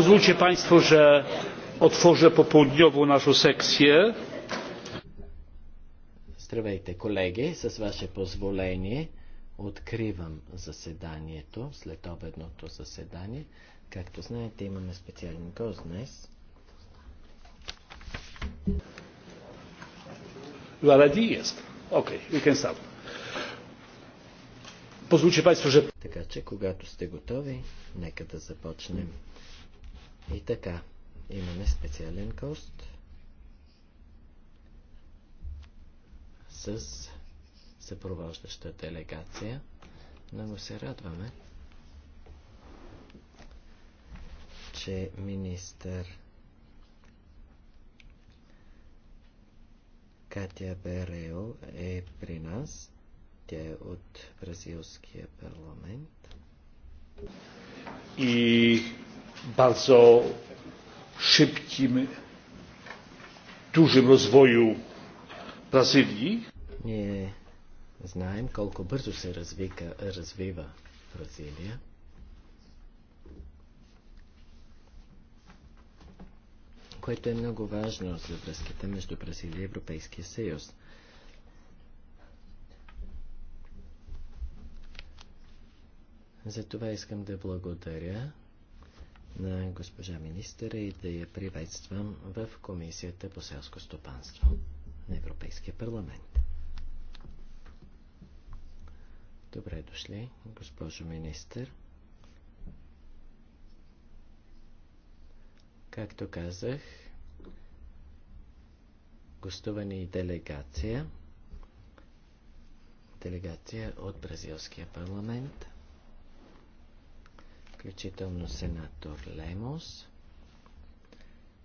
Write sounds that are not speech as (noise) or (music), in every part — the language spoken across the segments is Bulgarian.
pozwólcie państwo że otworzę popołudniową naszą sekcję. Здравейте, колеги! С ваше позволение откривам заседанието, след обедното заседание. Както знаете, имаме специален гост днес. Ларади есть. Окей, we can start. Позвучи, Państwo, Така че, когато сте готови, нека да започнем. И така, имаме специален кост с съпровождаща делегация. Много се радваме, че министър Катя Берео е при нас. Тя е от бразилския парламент. И bardzo szybkim, dużym rozwoju Бразилии. Ние знаем колко бързо се развика, развива Бразилия. което е много важно за връзките между Бразилия и Европейския съюз. За това искам да благодаря на госпожа министъра и да я приветствам в Комисията по селско стопанство на Европейския парламент. Добре дошли, госпожо министър. Както казах, гостувани делегация, делегация от Бразилския парламент включително сенатор Лемос,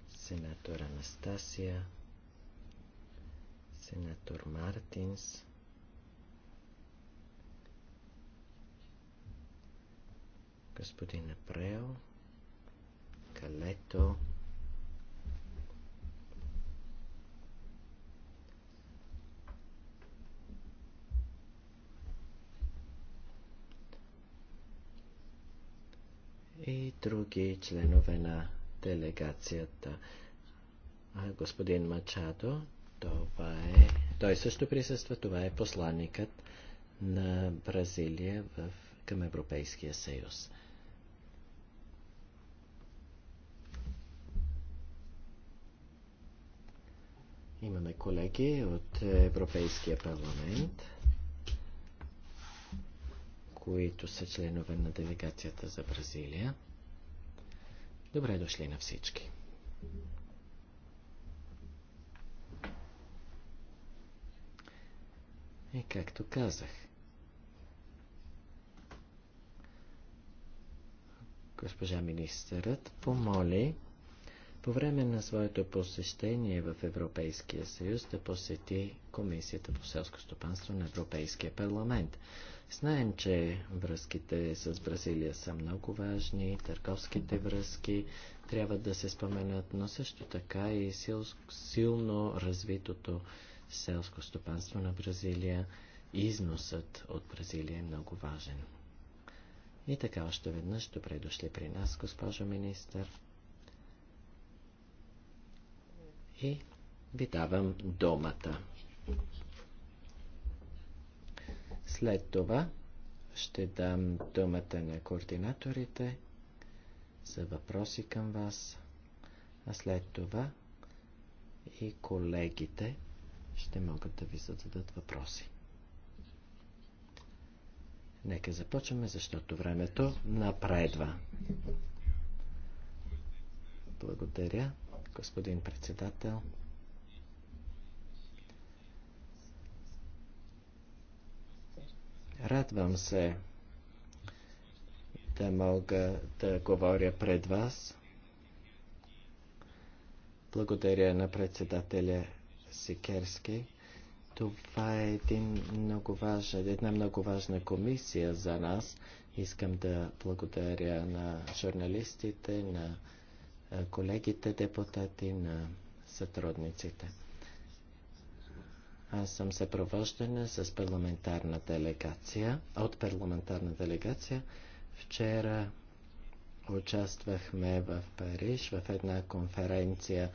сенатор Анастасия, сенатор Мартинс, господин Апрел, Калето, и други членове на делегацията. А господин Мачадо, това е, той също присъства, това е посланникът на Бразилия в, към Европейския съюз. Имаме колеги от Европейския парламент които са членове на делегацията за Бразилия. Добре дошли на всички! И както казах, госпожа министърът помоли по време на своето посещение в Европейския съюз да посети Комисията по селско стопанство на Европейския парламент. Знаем, че връзките с Бразилия са много важни, търговските връзки трябва да се споменат, но също така и сил, силно развитото селско стопанство на Бразилия. Износът от Бразилия е много важен. И така още веднъж добре дошли при нас, госпожо министър. И ви давам думата. След това ще дам думата на координаторите за въпроси към вас, а след това и колегите ще могат да ви зададат въпроси. Нека започваме, защото времето напредва. Благодаря, господин председател. Радвам се да мога да говоря пред вас. Благодаря на председателя Сикерски. Това е един много важен, една много важна комисия за нас. Искам да благодаря на журналистите, на колегите депутати, на сътрудниците. Аз съм съпровождана с парламентарна делегация, от парламентарна делегация. Вчера участвахме в Париж в една конференция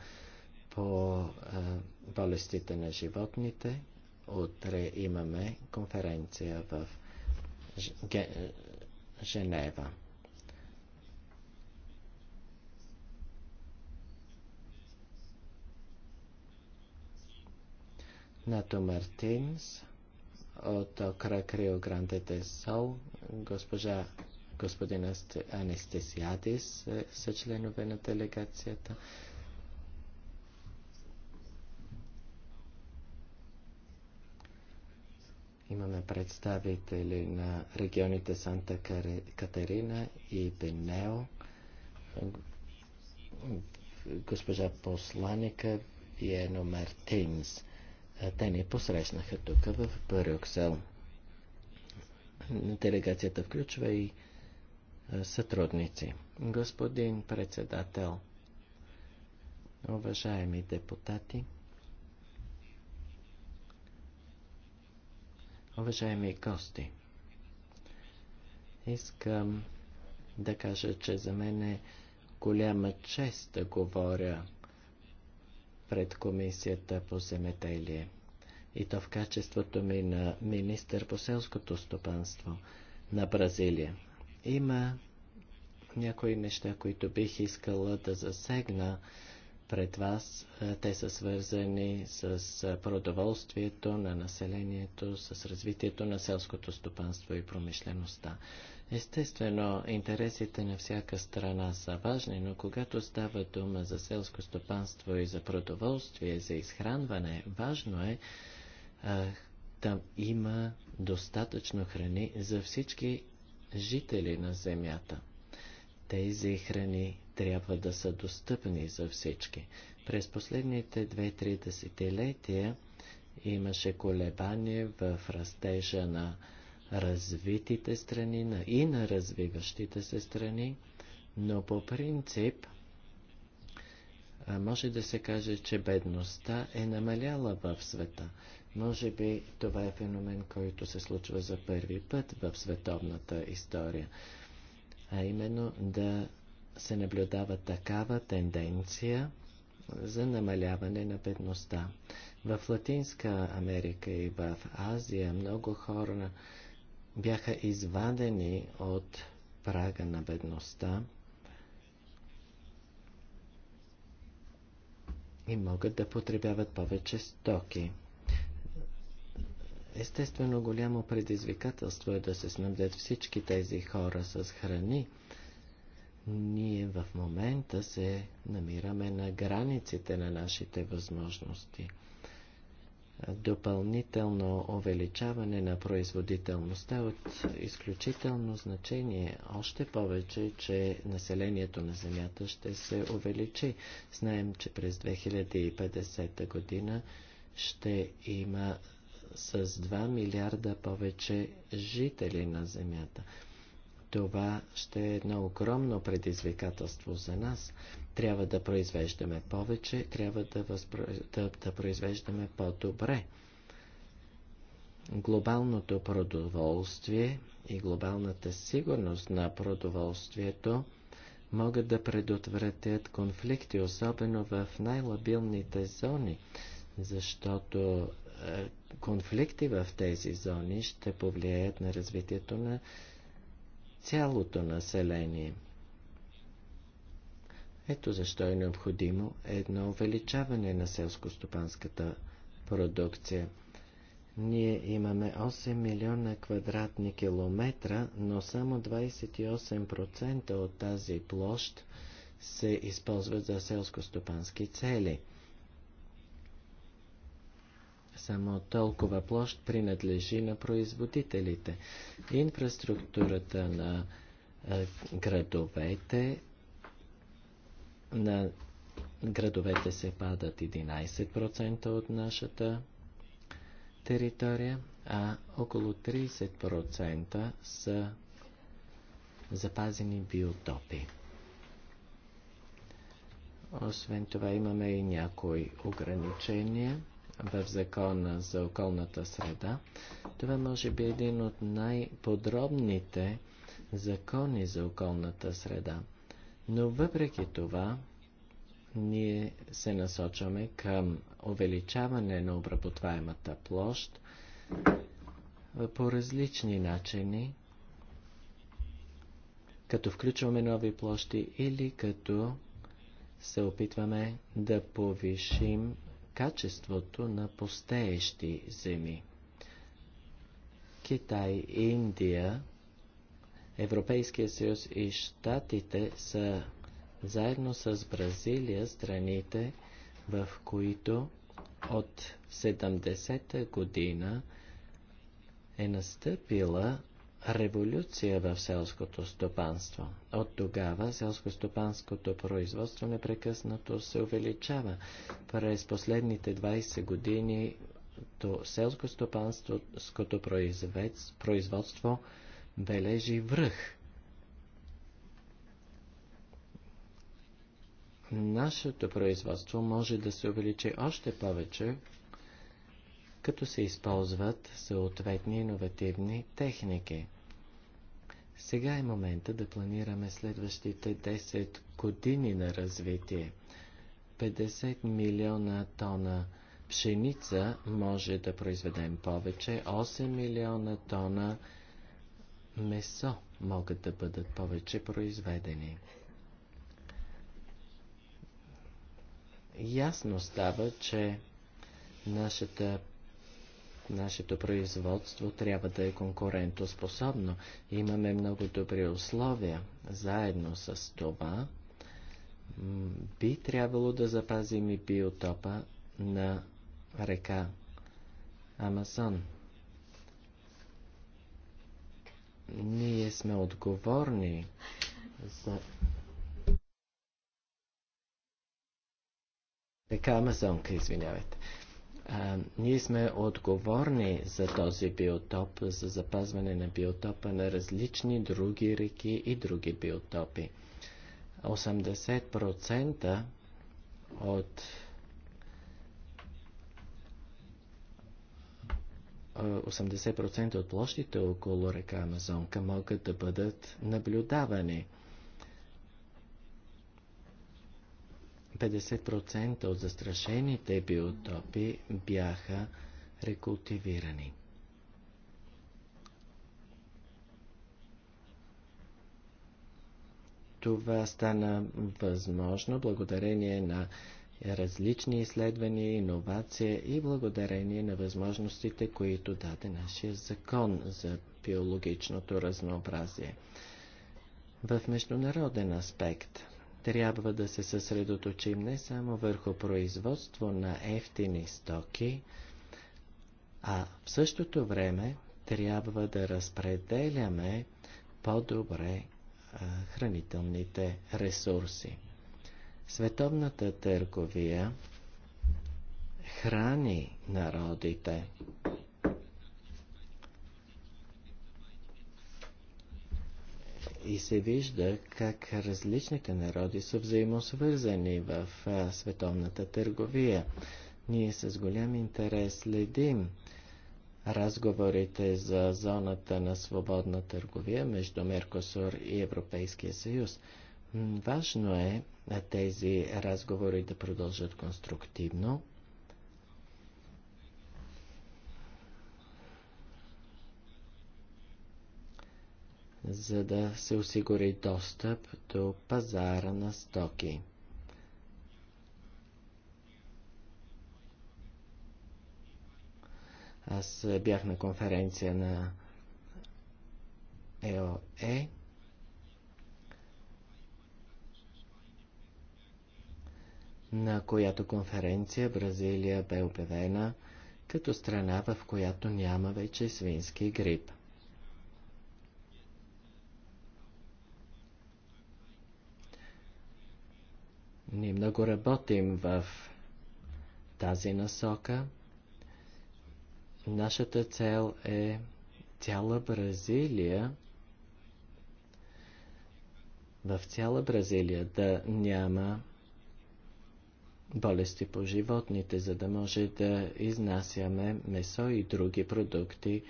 по а, болестите на животните. Утре имаме конференция в Ж... Женева. Нато Мартинс от Крак Рио Гранде де Сол, госпожа господин Анестезиадис е са членове на делегацията. Имаме представители на регионите Санта Катерина и Бенео. Госпожа посланика Виено Мартинс. Е, те ни посрещнаха тук в Брюксел. Делегацията включва и е, сътрудници. Господин председател, уважаеми депутати, уважаеми гости, искам да кажа, че за мен е голяма чест да говоря пред Комисията по земеделие и то в качеството ми на министър по селското стопанство на Бразилия. Има някои неща, които бих искала да засегна пред вас. Е, те са свързани с е, продоволствието на населението, с развитието на селското стопанство и промишлеността. Естествено, интересите на всяка страна са важни, но когато става дума за селско стопанство и за продоволствие, за изхранване, важно е а, там има достатъчно храни за всички жители на земята. Тези храни трябва да са достъпни за всички. През последните 2-3 десетилетия имаше колебание в растежа на развитите страни и на развиващите се страни, но по принцип може да се каже, че бедността е намаляла в света. Може би това е феномен, който се случва за първи път в световната история. А именно да се наблюдава такава тенденция за намаляване на бедността. В Латинска Америка и в Азия много хора бяха извадени от прага на бедността и могат да потребяват повече стоки. Естествено, голямо предизвикателство е да се снабдят всички тези хора с храни. Ние в момента се намираме на границите на нашите възможности – допълнително увеличаване на производителността от изключително значение. Още повече, че населението на Земята ще се увеличи. Знаем, че през 2050 година ще има с 2 милиарда повече жители на Земята. Това ще е едно огромно предизвикателство за нас. Трябва да произвеждаме повече, трябва да, възпро... да, да произвеждаме по-добре. Глобалното продоволствие и глобалната сигурност на продоволствието могат да предотвратят конфликти, особено в най-лабилните зони, защото е, конфликти в тези зони ще повлияят на развитието на цялото население. Ето защо е необходимо едно увеличаване на селскостопанската продукция. Ние имаме 8 милиона квадратни километра, но само 28% от тази площ се използват за селско-стопански цели. Само толкова площ принадлежи на производителите. Инфраструктурата на е, градовете на градовете се падат 11% от нашата територия, а около 30% са запазени биотопи. Освен това имаме и някои ограничения в закона за околната среда. Това може би е един от най-подробните закони за околната среда. Но въпреки това, ние се насочваме към увеличаване на обработваемата площ по различни начини, като включваме нови площи или като се опитваме да повишим качеството на постеещи земи. Китай и Индия Европейския съюз и Штатите са заедно с Бразилия страните, в които от 70-та година е настъпила революция в селското стопанство. От тогава селско-стопанското производство непрекъснато се увеличава. През последните 20 години то селско-стопанското производство бележи връх. Нашето производство може да се увеличи още повече, като се използват съответни иновативни техники. Сега е момента да планираме следващите 10 години на развитие. 50 милиона тона пшеница може да произведем повече, 8 милиона тона месо могат да бъдат повече произведени. Ясно става, че нашата, нашето производство трябва да е конкурентоспособно. Имаме много добри условия. Заедно с това би трябвало да запазим и биотопа на река Амазон. Ние сме отговорни за... Така, Амазонка, извинявайте. А, ние сме отговорни за този биотоп, за запазване на биотопа на различни други реки и други биотопи. 80% от 80% от площите около река Амазонка могат да бъдат наблюдавани. 50% от застрашените биотопи бяха рекултивирани. Това стана възможно благодарение на различни изследвания, иновация и благодарение на възможностите, които даде нашия закон за биологичното разнообразие. В международен аспект трябва да се съсредоточим не само върху производство на ефтини стоки, а в същото време трябва да разпределяме по-добре хранителните ресурси. Световната търговия храни народите. И се вижда как различните народи са взаимосвързани в световната търговия. Ние с голям интерес следим разговорите за зоната на свободна търговия между Меркосур и Европейския съюз. Важно е, е тези разговори да продължат конструктивно. за да се осигури достъп до пазара на стоки. Аз е, бях на конференция на ЕОЕ. на която конференция Бразилия бе обявена като страна, в която няма вече свински грип. Ние много работим в тази насока. Нашата цел е цяла Бразилия в цяла Бразилия да няма болести по животните, за да може да изнасяме месо и други продукти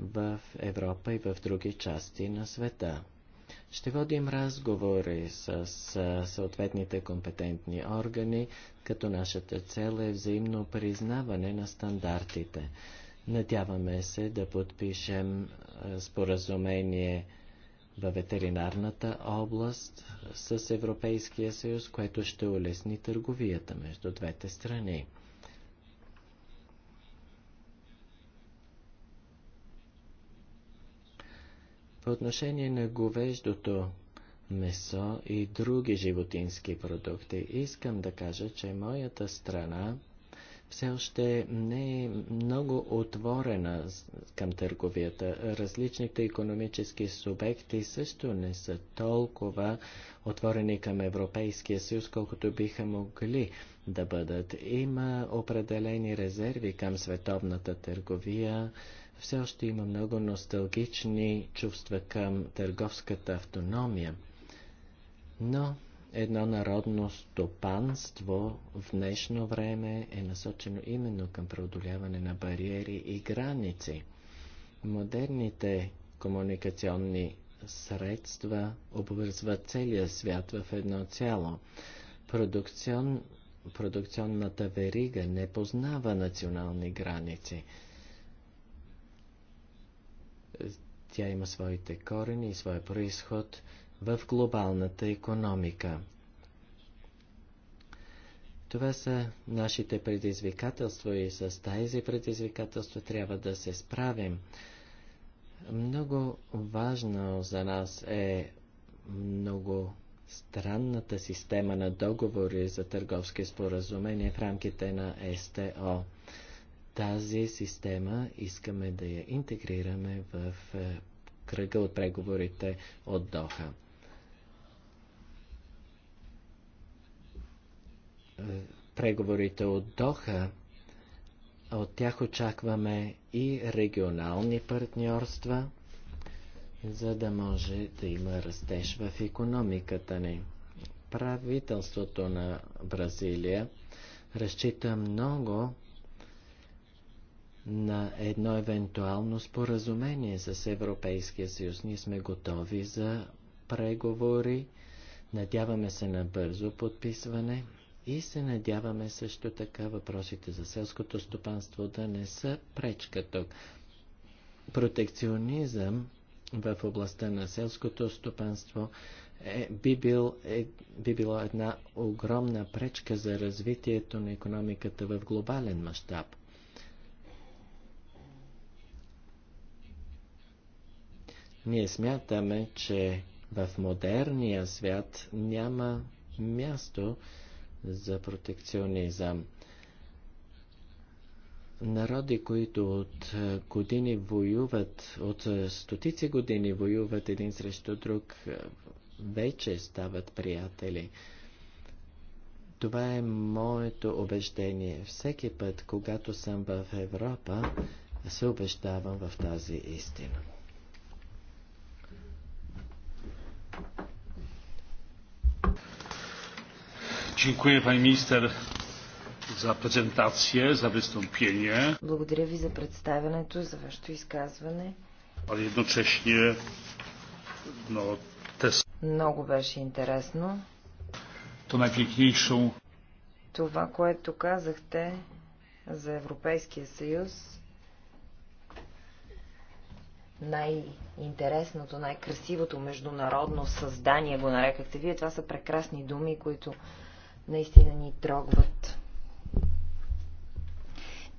в Европа и в други части на света. Ще водим разговори с съответните компетентни органи, като нашата цел е взаимно признаване на стандартите. Надяваме се да подпишем споразумение във ветеринарната област с Европейския съюз, което ще улесни търговията между двете страни. По отношение на говеждото месо и други животински продукти, искам да кажа, че моята страна все още не е много отворена към търговията. Различните економически субекти също не са толкова отворени към Европейския съюз, колкото биха могли да бъдат. Има определени резерви към световната търговия. Все още има много носталгични чувства към търговската автономия. Но едно народно стопанство в днешно време е насочено именно към преодоляване на бариери и граници. Модерните комуникационни средства обвързват целия свят в едно цяло. Продукцион, продукционната верига не познава национални граници. Тя има своите корени и своя происход – в глобалната економика. Това са нашите предизвикателства и с тези предизвикателства трябва да се справим. Много важно за нас е много странната система на договори за търговски споразумения в рамките на СТО. Тази система искаме да я интегрираме в е, кръга от преговорите от Доха. преговорите от Доха, от тях очакваме и регионални партньорства, за да може да има растеж в економиката ни. Правителството на Бразилия разчита много на едно евентуално споразумение с Европейския съюз. Ние сме готови за преговори. Надяваме се на бързо подписване и се надяваме също така въпросите за селското стопанство да не са пречка тук. Протекционизъм в областта на селското стопанство е, би, бил, е, би било една огромна пречка за развитието на економиката в глобален мащаб. Ние смятаме, че в модерния свят няма място за протекционизъм. Народи, които от е, години воюват, от е, стотици години воюват един срещу друг, е, вече стават приятели. Това е моето убеждение. Всеки път, когато съм в Европа, се убеждавам в тази истина. Dziękuję pani minister за Благодаря ви за представянето, за вашето изказване. Много беше интересно. То най-пикнейшо. Това, което казахте за Европейския съюз, най-интересното, най-красивото международно създание го нарекахте вие. Това са прекрасни думи, които наистина ни трогват.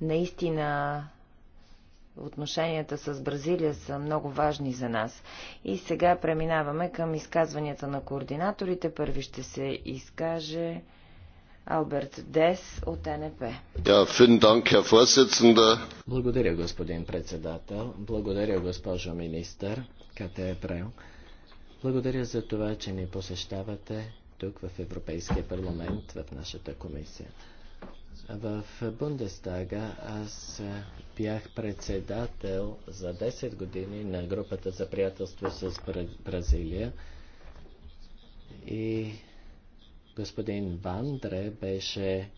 Наистина отношенията с Бразилия са много важни за нас. И сега преминаваме към изказванията на координаторите. Първи ще се изкаже Алберт Дес от НП. Благодаря, господин председател. Благодаря, госпожо министър Кате Благодаря за това, че ни посещавате тук в Европейския парламент, в нашата комисия. В Бундестага аз бях председател за 10 години на групата за приятелство с Бразилия и господин Вандре беше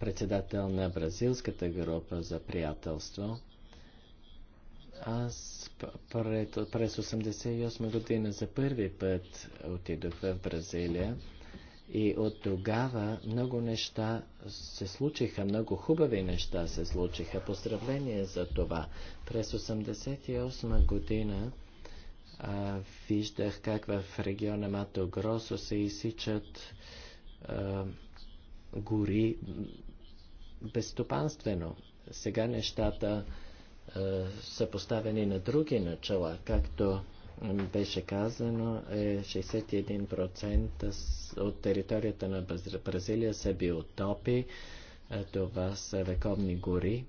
председател на бразилската група за приятелство. Аз пред, през 1988 година за първи път отидох в Бразилия и от тогава много неща се случиха, много хубави неща се случиха. Поздравление за това. През 1988 година а, виждах как в региона Мато Гросо се изсичат гори безстопанствено. Сега нещата е, са поставени на други начала, както беше казано, е 61% от територията на Бразилия са биотопи. Е, това са вековни гори.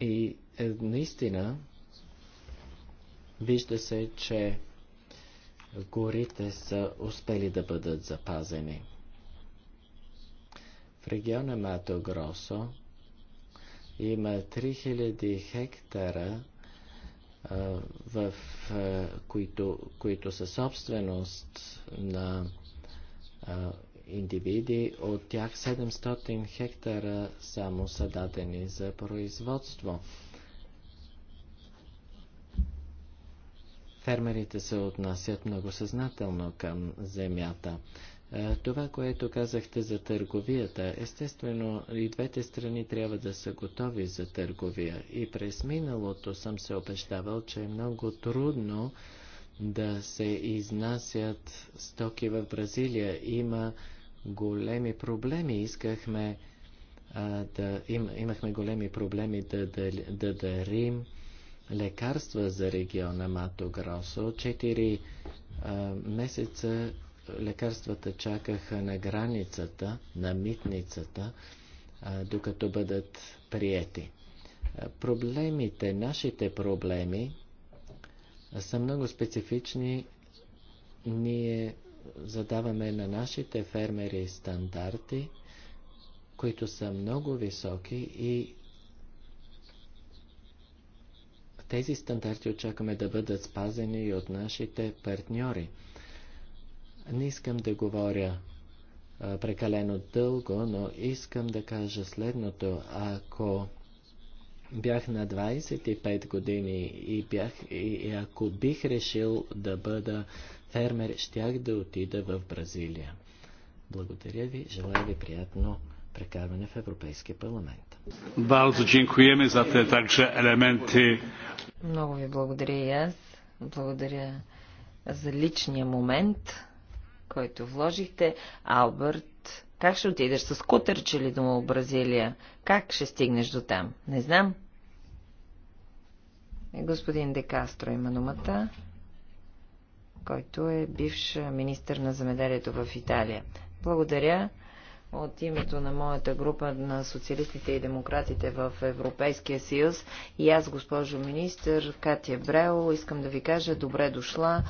И е, наистина вижда се, че горите са успели да бъдат запазени. В региона Мато Гросо има 3000 хектара, в, които, които са собственост на индивиди. От тях 700 хектара само са дадени за производство. Фермерите се отнасят много съзнателно към земята. Това, което казахте за търговията, естествено и двете страни трябва да са готови за търговия. И през миналото съм се обещавал, че е много трудно да се изнасят стоки в Бразилия. Има големи проблеми. Искахме а, да им, имахме големи проблеми да, да, да дарим лекарства за региона Мато Гросо. Четири а, месеца лекарствата чакаха на границата, на митницата, докато бъдат приети. Проблемите, нашите проблеми са много специфични. Ние задаваме на нашите фермери стандарти, които са много високи и тези стандарти очакваме да бъдат спазени и от нашите партньори. Не искам да говоря а, прекалено дълго, но искам да кажа следното. Ако бях на 25 години и, бях, и, и ако бих решил да бъда фермер, щях да отида в Бразилия. Благодаря ви, желая ви приятно прекарване в Европейския парламент. Много ви благодаря и аз. Благодаря за личния момент който вложихте. Алберт, как ще отидеш? С кутърче ли до Бразилия? Как ще стигнеш до там? Не знам. Е, господин Декастро има думата, който е бивш министр на замеделието в Италия. Благодаря от името на моята група на социалистите и демократите в Европейския съюз. И аз, госпожо министър Катя Брео, искам да ви кажа добре дошла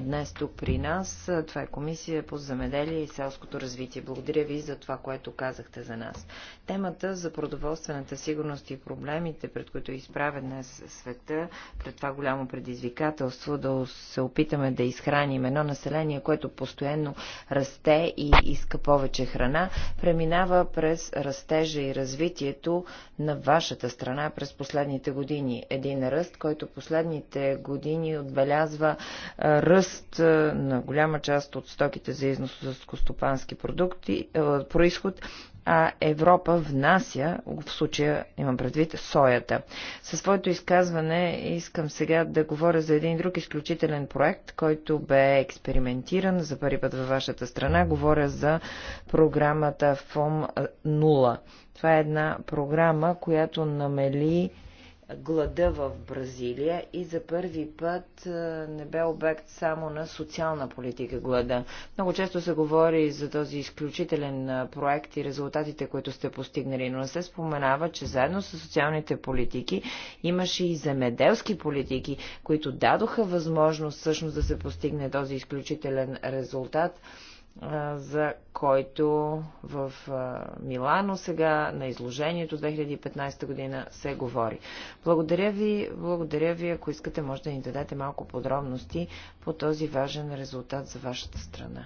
днес тук при нас. Това е Комисия по земеделие и селското развитие. Благодаря ви за това, което казахте за нас. Темата за продоволствената сигурност и проблемите, пред които е изправен днес света, пред това голямо предизвикателство, да се опитаме да изхраним едно население, което постоянно расте и иска повече храна, преминава през растежа и развитието на вашата страна през последните години. Един ръст, който последните години отбелязва ръст на голяма част от стоките за износ за скостопански продукти, происход а Европа внася, в случая имам предвид, соята. Със своето изказване искам сега да говоря за един друг изключителен проект, който бе експериментиран за първи път във вашата страна. Говоря за програмата фом 0. Това е една програма, която намели глада в Бразилия и за първи път не бе обект само на социална политика глада. Много често се говори за този изключителен проект и резултатите, които сте постигнали, но не се споменава, че заедно с социалните политики имаше и земеделски политики, които дадоха възможност всъщност да се постигне този изключителен резултат за който в Милано сега на изложението 2015 година се говори. Благодаря ви, благодаря ви, ако искате може да ни дадете малко подробности по този важен резултат за вашата страна.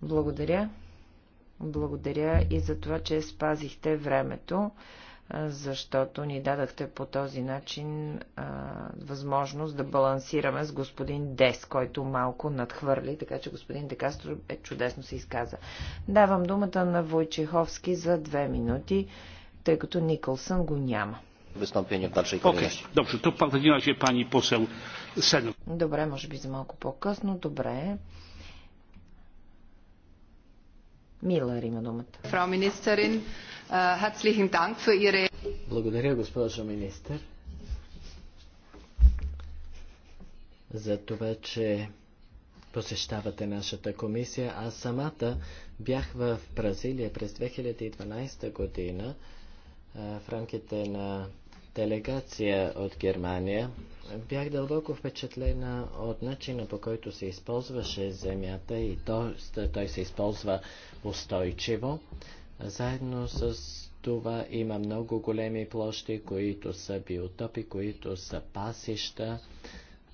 Благодаря. Благодаря и за това, че спазихте времето защото ни дадахте по този начин а, възможност да балансираме с господин Дес, който малко надхвърли, така че господин Декастро е чудесно се изказа. Давам думата на Войчеховски за две минути, тъй като Никълсън го няма. Wystąpienie w dalszej kolejności. Okay, dobrze, to w takim razie pani poseł Милър има думата. Благодаря, госпожо министър, за това, че посещавате нашата комисия. Аз самата бях в Бразилия през 2012 година в рамките на делегация от Германия, бях дълбоко впечатлена от начина по който се използваше земята и то, той се използва устойчиво. Заедно с това има много големи площи, които са биотопи, които са пасища.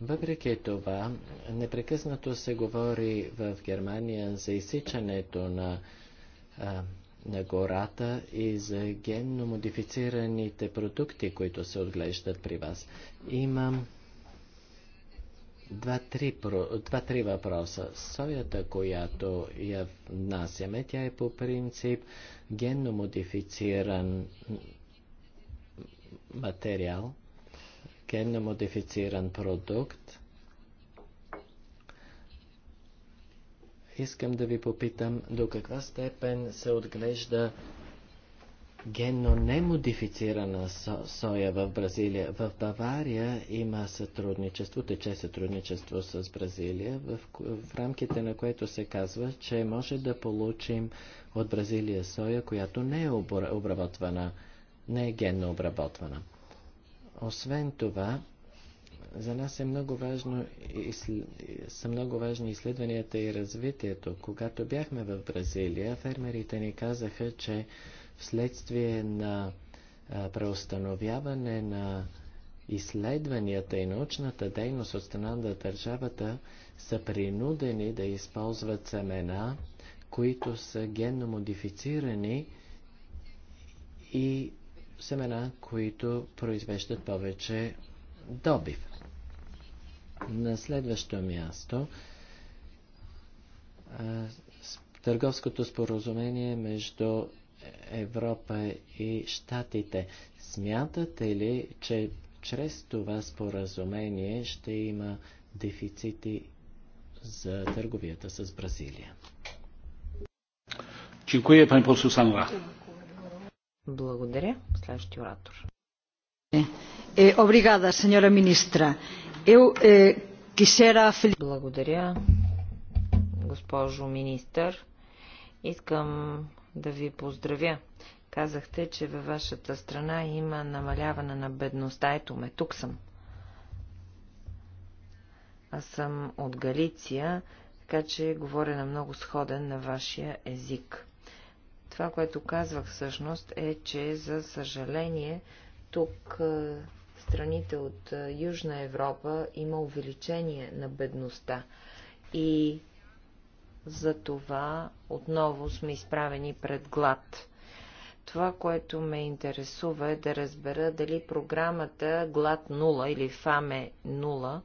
Въпреки това, непрекъснато се говори в Германия за изсичането на а, на гората и за генно модифицираните продукти, които се отглеждат при вас. Имам два-три два, три въпроса. Соята, която я внасяме, тя е по принцип генно модифициран материал, генно модифициран продукт. искам да ви попитам до каква степен се отглежда генно немодифицирана со соя в Бразилия. В Бавария има сътрудничество, тече сътрудничество с Бразилия, в, в рамките на което се казва, че може да получим от Бразилия соя, която не е обработвана, не е генно обработвана. Освен това, за нас е много важно, са много важни изследванията и развитието. Когато бяхме в Бразилия, фермерите ни казаха, че вследствие на преустановяване на изследванията и научната дейност от страна на държавата са принудени да използват семена, които са генно модифицирани и семена, които произвеждат повече добив. На следващо място търговското споразумение между Европа и Штатите. Смятате ли, че чрез това споразумение ще има дефицити за търговията с Бразилия? Чинкуе, пани посол Санра. Благодаря. Следващия оратор. Е, обригада, сеньора министра. Eh, Благодаря, госпожо министър. Искам да ви поздравя. Казахте, че във вашата страна има намаляване на бедността. Ето ме, тук съм. Аз съм от Галиция, така че говоря на много сходен на вашия език. Това, което казвах всъщност е, че за съжаление тук страните от Южна Европа има увеличение на бедността и за това отново сме изправени пред глад. Това, което ме интересува е да разбера дали програмата Глад 0 или ФАМЕ 0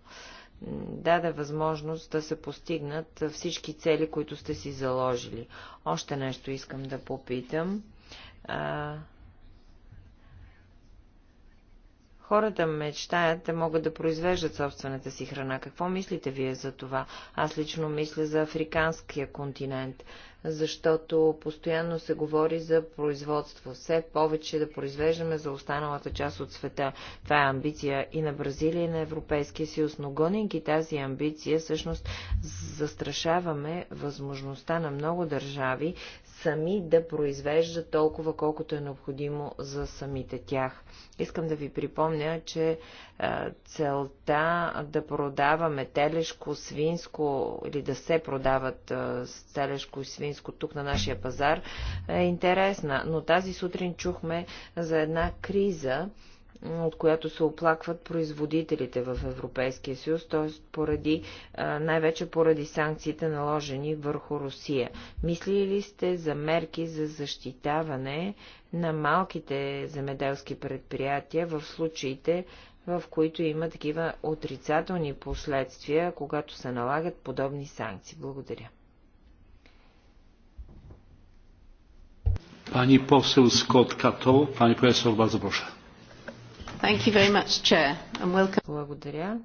даде възможност да се постигнат всички цели, които сте си заложили. Още нещо искам да попитам. Хората мечтаят да могат да произвеждат собствената си храна. Какво мислите вие за това? Аз лично мисля за африканския континент, защото постоянно се говори за производство. Все повече да произвеждаме за останалата част от света. Това е амбиция и на Бразилия, и на Европейския съюз. Но гонинки тази амбиция, всъщност застрашаваме възможността на много държави сами да произвеждат толкова, колкото е необходимо за самите тях. Искам да ви припомня, че е, целта да продаваме телешко, свинско или да се продават е, телешко и свинско тук на нашия пазар е интересна, но тази сутрин чухме за една криза, от която се оплакват производителите в Европейския съюз, т.е. поради, най-вече поради санкциите наложени върху Русия. Мислили ли сте за мерки за защитаване на малките земеделски предприятия в случаите, в които има такива отрицателни последствия, когато се налагат подобни санкции? Благодаря. Pani poseł Scott Cato, pani profesor, bardzo proszę. Thank you very much, Chair, and welcome. Благодаря.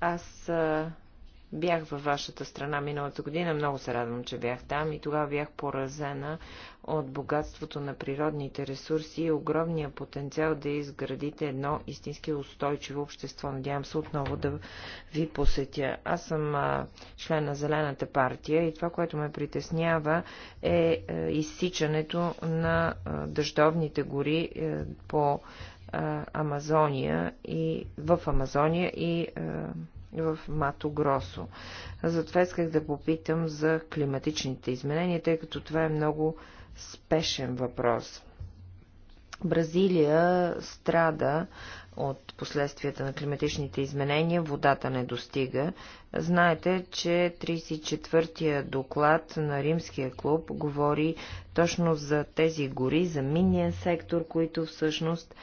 Аз бях във вашата страна миналата година. Много се радвам, че бях там и тогава бях поразена от богатството на природните ресурси и огромния потенциал да изградите едно истински устойчиво общество. Надявам се отново да ви посетя. Аз съм член на Зелената партия и това, което ме притеснява е, е изсичането на дъждовните гори е, по Амазония и в Амазония и в Мато Гросо. Затова исках да попитам за климатичните изменения, тъй като това е много спешен въпрос. Бразилия страда от последствията на климатичните изменения, водата не достига. Знаете, че 34-я доклад на Римския клуб говори точно за тези гори, за минния сектор, които всъщност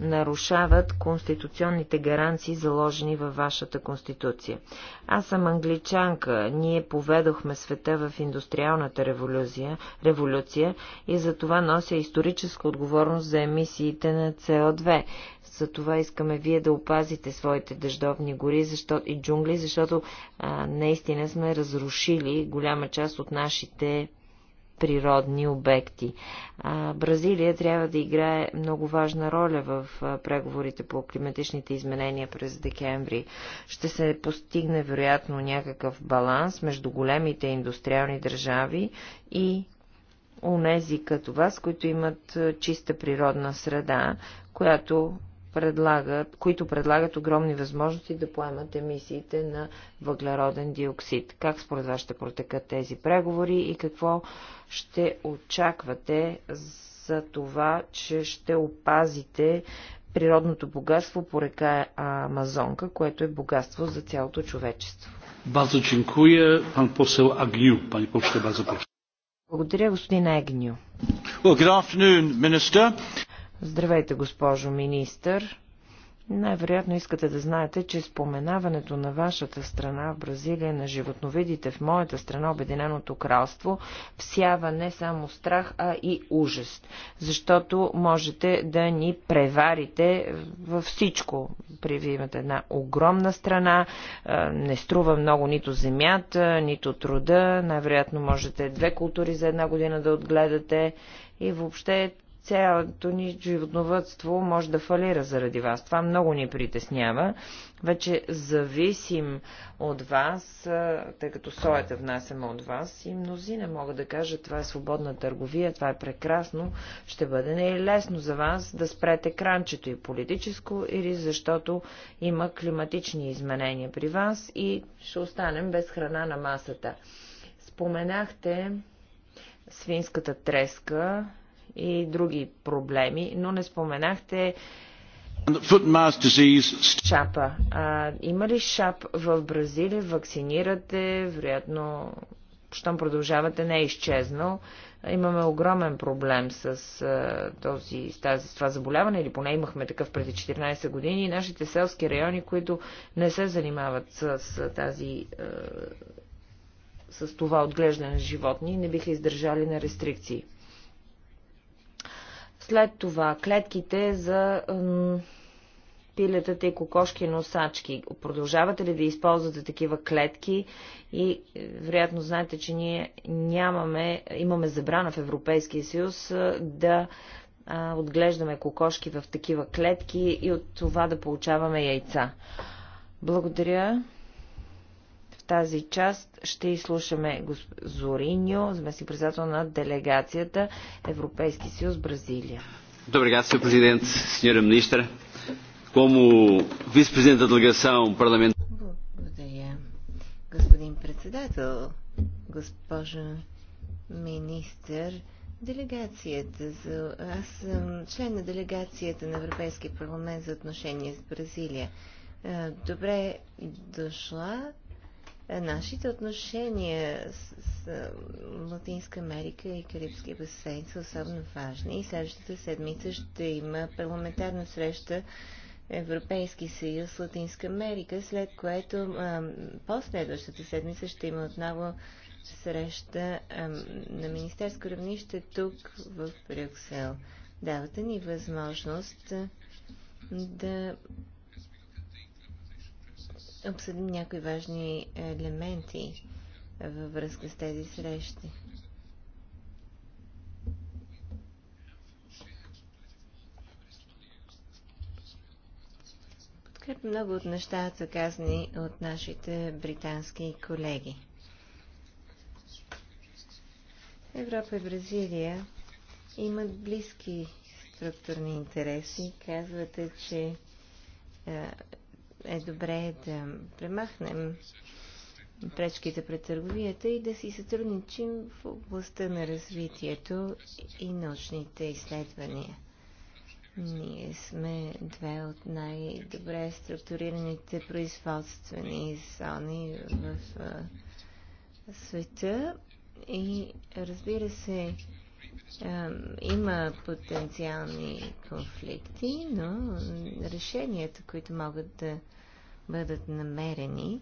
нарушават конституционните гаранции, заложени във вашата конституция. Аз съм англичанка, ние поведохме света в индустриалната революция, революция и за това нося историческа отговорност за емисиите на СО2. За това искаме вие да опазите своите дъждовни гори защо... и джунгли, защото а, наистина сме разрушили голяма част от нашите природни обекти. А, Бразилия трябва да играе много важна роля в преговорите по климатичните изменения през декември. Ще се постигне вероятно някакъв баланс между големите индустриални държави и унези като вас, които имат чиста природна среда, която предлагат, които предлагат огромни възможности да поемат емисиите на въглероден диоксид. Как според вас ще протекат тези преговори и какво ще очаквате за това, че ще опазите природното богатство по река Амазонка, което е богатство за цялото човечество? Благодаря, господин Агню. Well, good afternoon, Minister. Здравейте, госпожо министър. Най-вероятно искате да знаете, че споменаването на вашата страна в Бразилия, на животновидите в моята страна, Обединеното кралство, всява не само страх, а и ужас. Защото можете да ни преварите във всичко. При имате една огромна страна, не струва много нито земята, нито труда. Най-вероятно можете две култури за една година да отгледате. И въобще цялото ни животновътство може да фалира заради вас. Това много ни притеснява. Вече зависим от вас, тъй като соята внасяме от вас и мнозина могат да кажат, това е свободна търговия, това е прекрасно, ще бъде не е лесно за вас да спрете кранчето и политическо, или защото има климатични изменения при вас и ще останем без храна на масата. Споменахте свинската треска и други проблеми, но не споменахте шапа. А, има ли шап в Бразилия? Вакцинирате, вероятно, щом продължавате, не е изчезнал. Имаме огромен проблем с, а, този, с, тази, с това заболяване, или поне имахме такъв преди 14 години. И нашите селски райони, които не се занимават с, с тази а, с това отглеждане на животни, не биха издържали на рестрикции. След това клетките за пилетата и кокошки носачки. Продължавате ли да използвате такива клетки и е, вероятно знаете, че ние нямаме, имаме забрана в Европейския съюз е, да а, отглеждаме кокошки в такива клетки и от това да получаваме яйца. Благодаря тази част ще изслушаме Зориньо, заместник председател на делегацията Европейски съюз Бразилия. Добре, господин президент, сеньора министър. кому вице presidente на delegação парламент. Благодаря, господин председател, госпожа министър. Делегацията за... Аз съм член на делегацията на Европейския парламент за отношения с Бразилия. Е, добре дошла е, нашите отношения с, с Латинска Америка и Карибския басейн са особено важни и следващата седмица ще има парламентарна среща Европейски съюз Латинска Америка, след което последващата седмица ще има отново среща а, на министерско равнище тук в Брюксел. Давате ни възможност да обсъдим някои важни елементи във връзка с тези срещи. подкрепя много от нещата, казани от нашите британски колеги. Европа и Бразилия имат близки структурни интереси. Казвате, че е, е добре да премахнем пречките пред търговията и да си сътрудничим в областта на развитието и научните изследвания. Ние сме две от най-добре структурираните производствени зони в света и разбира се, има потенциални конфликти, но решенията, които могат да бъдат намерени,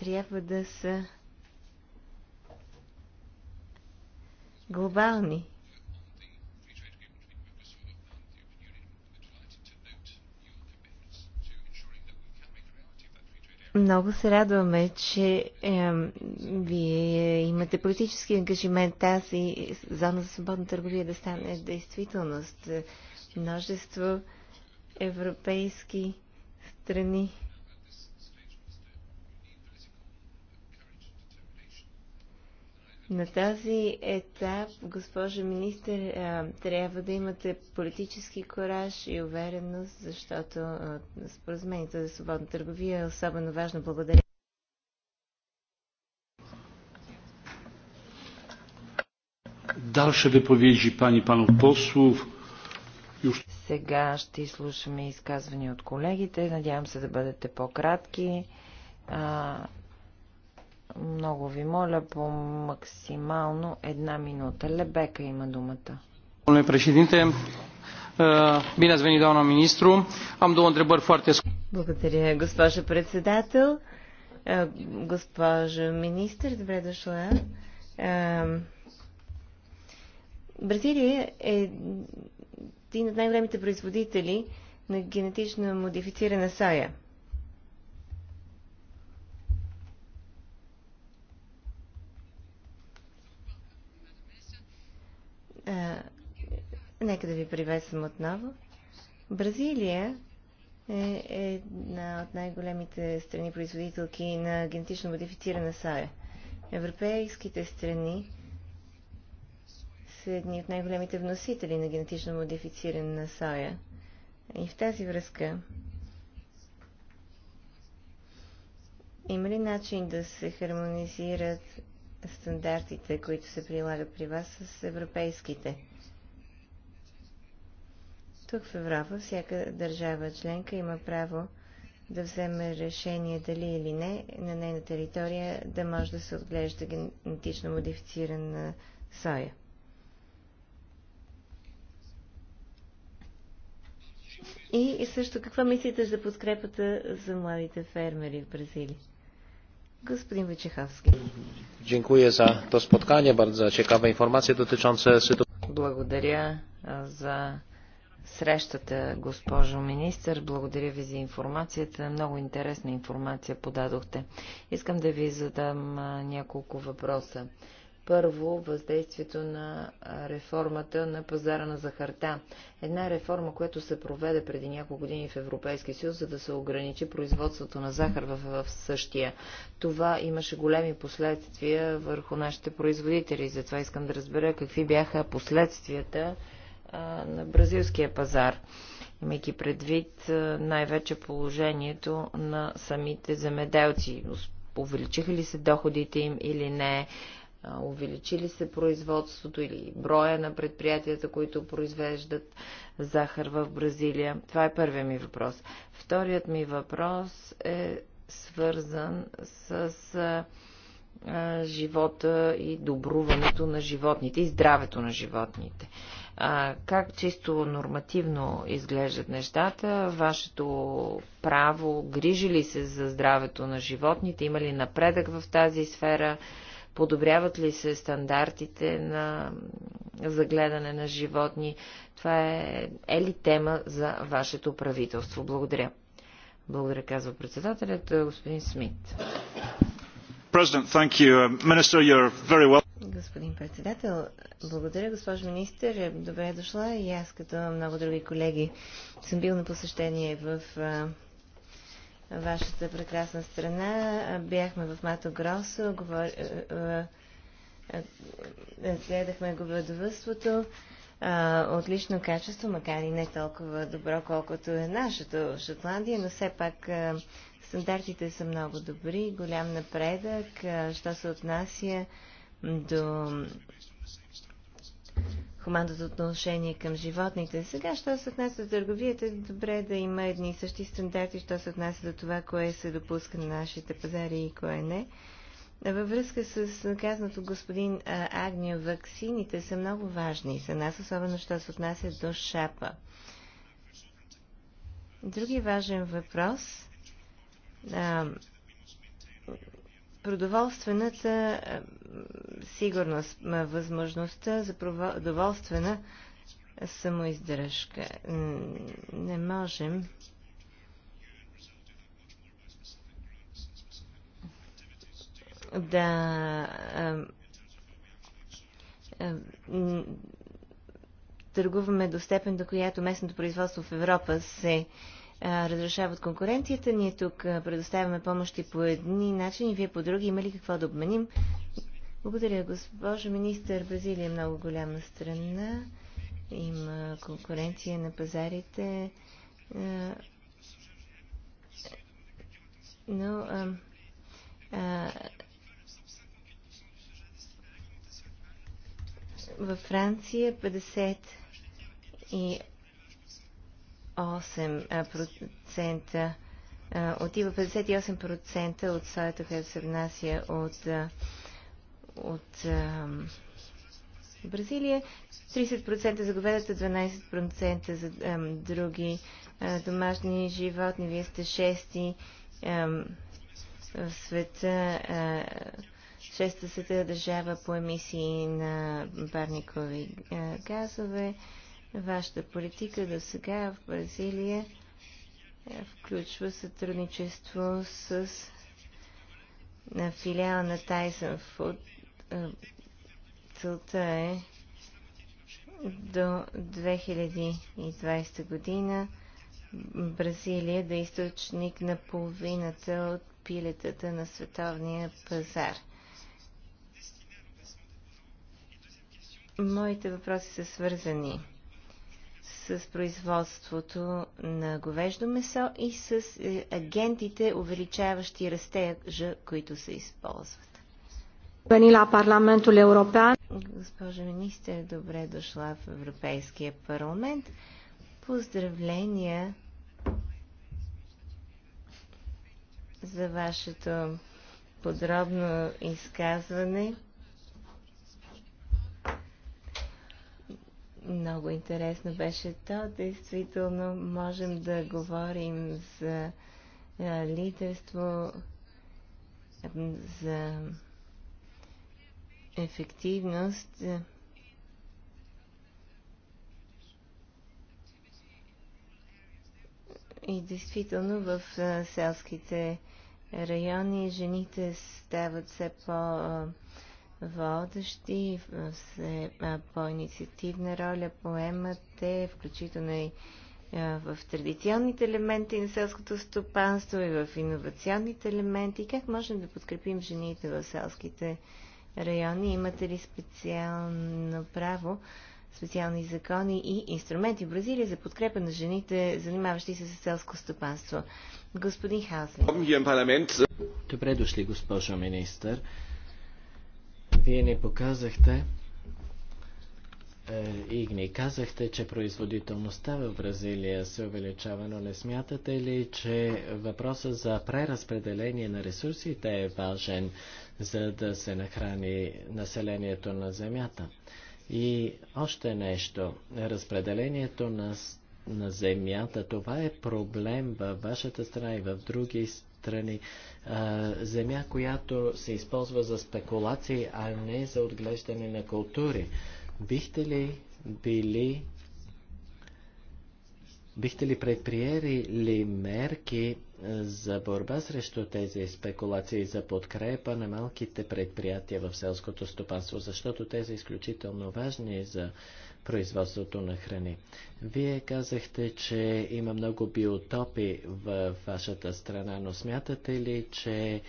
трябва да са глобални. Много се радваме, че е, вие имате политически ангажимент тази зона за свободна търговия да стане действителност. Е, множество европейски страни На този етап, госпожа министър, трябва да имате политически кораж и увереност, защото споразумението за свободна търговия е особено важно. Благодаря. Далше wypowiedzi пани панов послов. Сега ще изслушаме изказвания от колегите. Надявам се да бъдете по-кратки много ви моля по максимално една минута. Лебека има думата. Domnule președinte, bine ați venit, doamna ministru. Am două întrebări foarte scurte. Благодаря, госпожа председател. Госпожо министр, добре дошла. Бразилия е един от най-големите производители на генетично модифицирана соя. Нека да ви приветствам отново. Бразилия е една от най-големите страни производителки на генетично модифицирана соя. Европейските страни са едни от най-големите вносители на генетично модифицирана соя. И в тази връзка има ли начин да се хармонизират стандартите, които се прилагат при вас с европейските? Тук в Европа всяка държава членка има право да вземе решение дали или не на нейна територия да може да се отглежда генетично модифицирана соя. И, и също какво мислите за подкрепата за младите фермери в Бразилия? Господин Wyczechowski. Dziękuję za to spotkanie, bardzo ciekawe informacje dotyczące sytuacji. Благодаря за срещата, госпожо министър. Благодаря ви за информацията. Много интересна информация подадохте. Искам да ви задам няколко въпроса. Първо, въздействието на реформата на пазара на захарта. Една реформа, която се проведе преди няколко години в Европейския съюз, за да се ограничи производството на захар в, в същия. Това имаше големи последствия върху нашите производители. Затова искам да разбера какви бяха последствията на бразилския пазар, имайки предвид най-вече положението на самите земеделци. Увеличиха ли се доходите им или не? увеличили се производството или броя на предприятията, които произвеждат захар в Бразилия? Това е първият ми въпрос. Вторият ми въпрос е свързан с живота и добруването на животните и здравето на животните. А, как чисто нормативно изглеждат нещата? Вашето право, грижи ли се за здравето на животните? Има ли напредък в тази сфера? Подобряват ли се стандартите на загледане на животни? Това е, е ли тема за вашето правителство? Благодаря. Благодаря, казва председателят, господин Смит. President, thank you. Minister, you're very well господин председател. Благодаря, госпожо министър. Добре е дошла и аз, като много други колеги, съм бил на посещение в а, вашата прекрасна страна. Бяхме в Мато Гросо, говор... а, а, следахме говедовътството. Отлично качество, макар и не толкова добро, колкото е нашето Шотландия, но все пак стандартите са много добри, голям напредък, що се отнася до хуманното отношение към животните. Сега, що се отнася до търговията, добре да има едни и същи стандарти, що се отнася до това, кое се допуска на нашите пазари и кое не. Във връзка с казаното господин Агния, ваксините са много важни за нас, особено що се отнася до шапа. Други важен въпрос продоволствената е, сигурност, е, възможността за продоволствена самоиздръжка. Не можем да а, е, а, търгуваме до степен, до която местното производство в Европа се а, разрушават конкуренцията. Ние тук предоставяме помощи по едни начини, вие по други. Има ли какво да обменим? Благодаря, госпожо министър. Бразилия е много голяма страна. Има конкуренция на пазарите. Но а, а, във Франция 50 и 58% отива 58% от соята, която се внася от, от Бразилия, 30% за говедата, 12% за други домашни животни. Вие сте шести в света, шеста света държава по емисии на парникови газове. Вашата политика до сега в Бразилия е, включва сътрудничество с филиала на Tyson Food. Е, целта е до 2020 година Бразилия да е източник на половината от пилетата на световния пазар. Моите въпроси са свързани с производството на говеждо месо и с е, агентите, увеличаващи растежа, които се използват. Венила парламентul european. Госпожа министър, добре дошла в Европейския парламент. Поздравления за вашето подробно изказване. Много интересно беше то. Действително можем да говорим за лидерство, за ефективност. И действително в селските райони жените стават все по- водещи, все по-инициативна роля поемате, включително и в традиционните елементи на селското стопанство и в иновационните елементи. Как можем да подкрепим жените в селските райони? Имате ли специално право, специални закони и инструменти в Бразилия за подкрепа на жените, занимаващи се с селско стопанство? Господин Хаслин. Добре дошли, госпожо министър. Вие ни показахте е, и ни казахте, че производителността в Бразилия се увеличава, но не смятате ли, че въпросът за преразпределение на ресурсите е важен, за да се нахрани населението на земята? И още нещо. Разпределението на, на земята, това е проблем във вашата страна и в други страни страни. Земя, която се използва за спекулации, а не за отглеждане на култури. Бихте ли били Бихте ли предприели ли мерки за борба срещу тези спекулации за подкрепа на малките предприятия в селското стопанство, защото те са изключително важни за производството на храни. Вие казахте, че има много биотопи в вашата страна, но смятате ли, че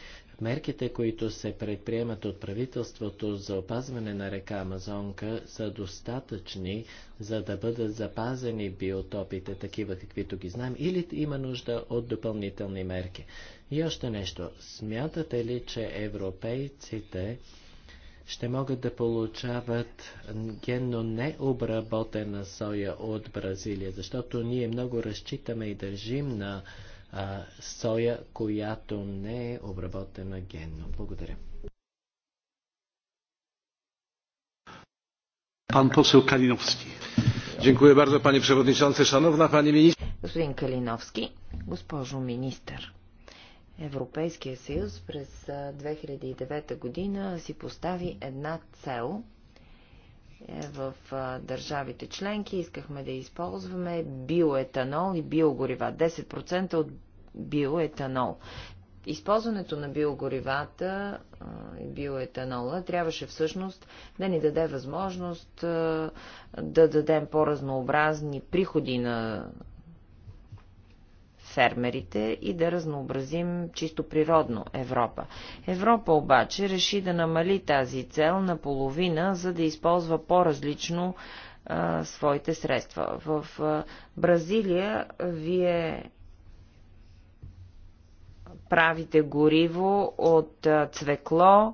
мерките, които се предприемат от правителството за опазване на река Амазонка, са достатъчни, за да бъдат запазени биотопите, такива каквито ги знаем, или има нужда от допълнителни мерки? И още нещо. Смятате ли, че европейците ще могат да получават генно необработена соя от Бразилия, защото ние много разчитаме и държим на а, соя, която не е обработена генно. Благодаря. Pan poseł Kalinowski. Dziękuję bardzo panie przewodniczący. Szanowna pani minister. Господин Калиновски, госпожо министър. Европейския съюз през 2009 година си постави една цел е, в държавите членки. Искахме да използваме биоетанол и биогорива. 10% от биоетанол. Използването на биогоривата и биоетанола трябваше всъщност да ни даде възможност да дадем по-разнообразни приходи на фермерите и да разнообразим чисто природно Европа. Европа обаче реши да намали тази цел на половина, за да използва по-различно своите средства. В а, Бразилия вие правите гориво от а, цвекло, а,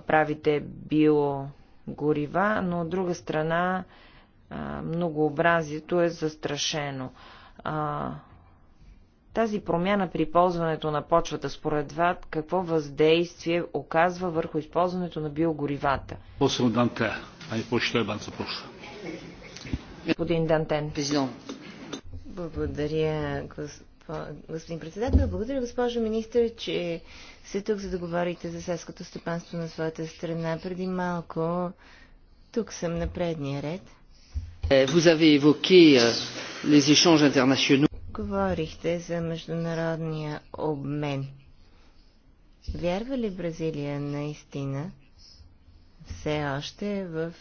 правите биогорива, но от друга страна многообразието е застрашено. Тази промяна при ползването на почвата според вас какво въздействие оказва върху използването на биогоривата? Господин Дантен. Благодаря, господин председател. Благодаря, госпожо министър, че сте тук, за да говорите за селското стопанство на своята страна. Преди малко тук съм на предния ред. Vous avez évoqué euh, les échanges internationaux. Говорихте за международния обмен. Вярва ли Бразилия наистина все още в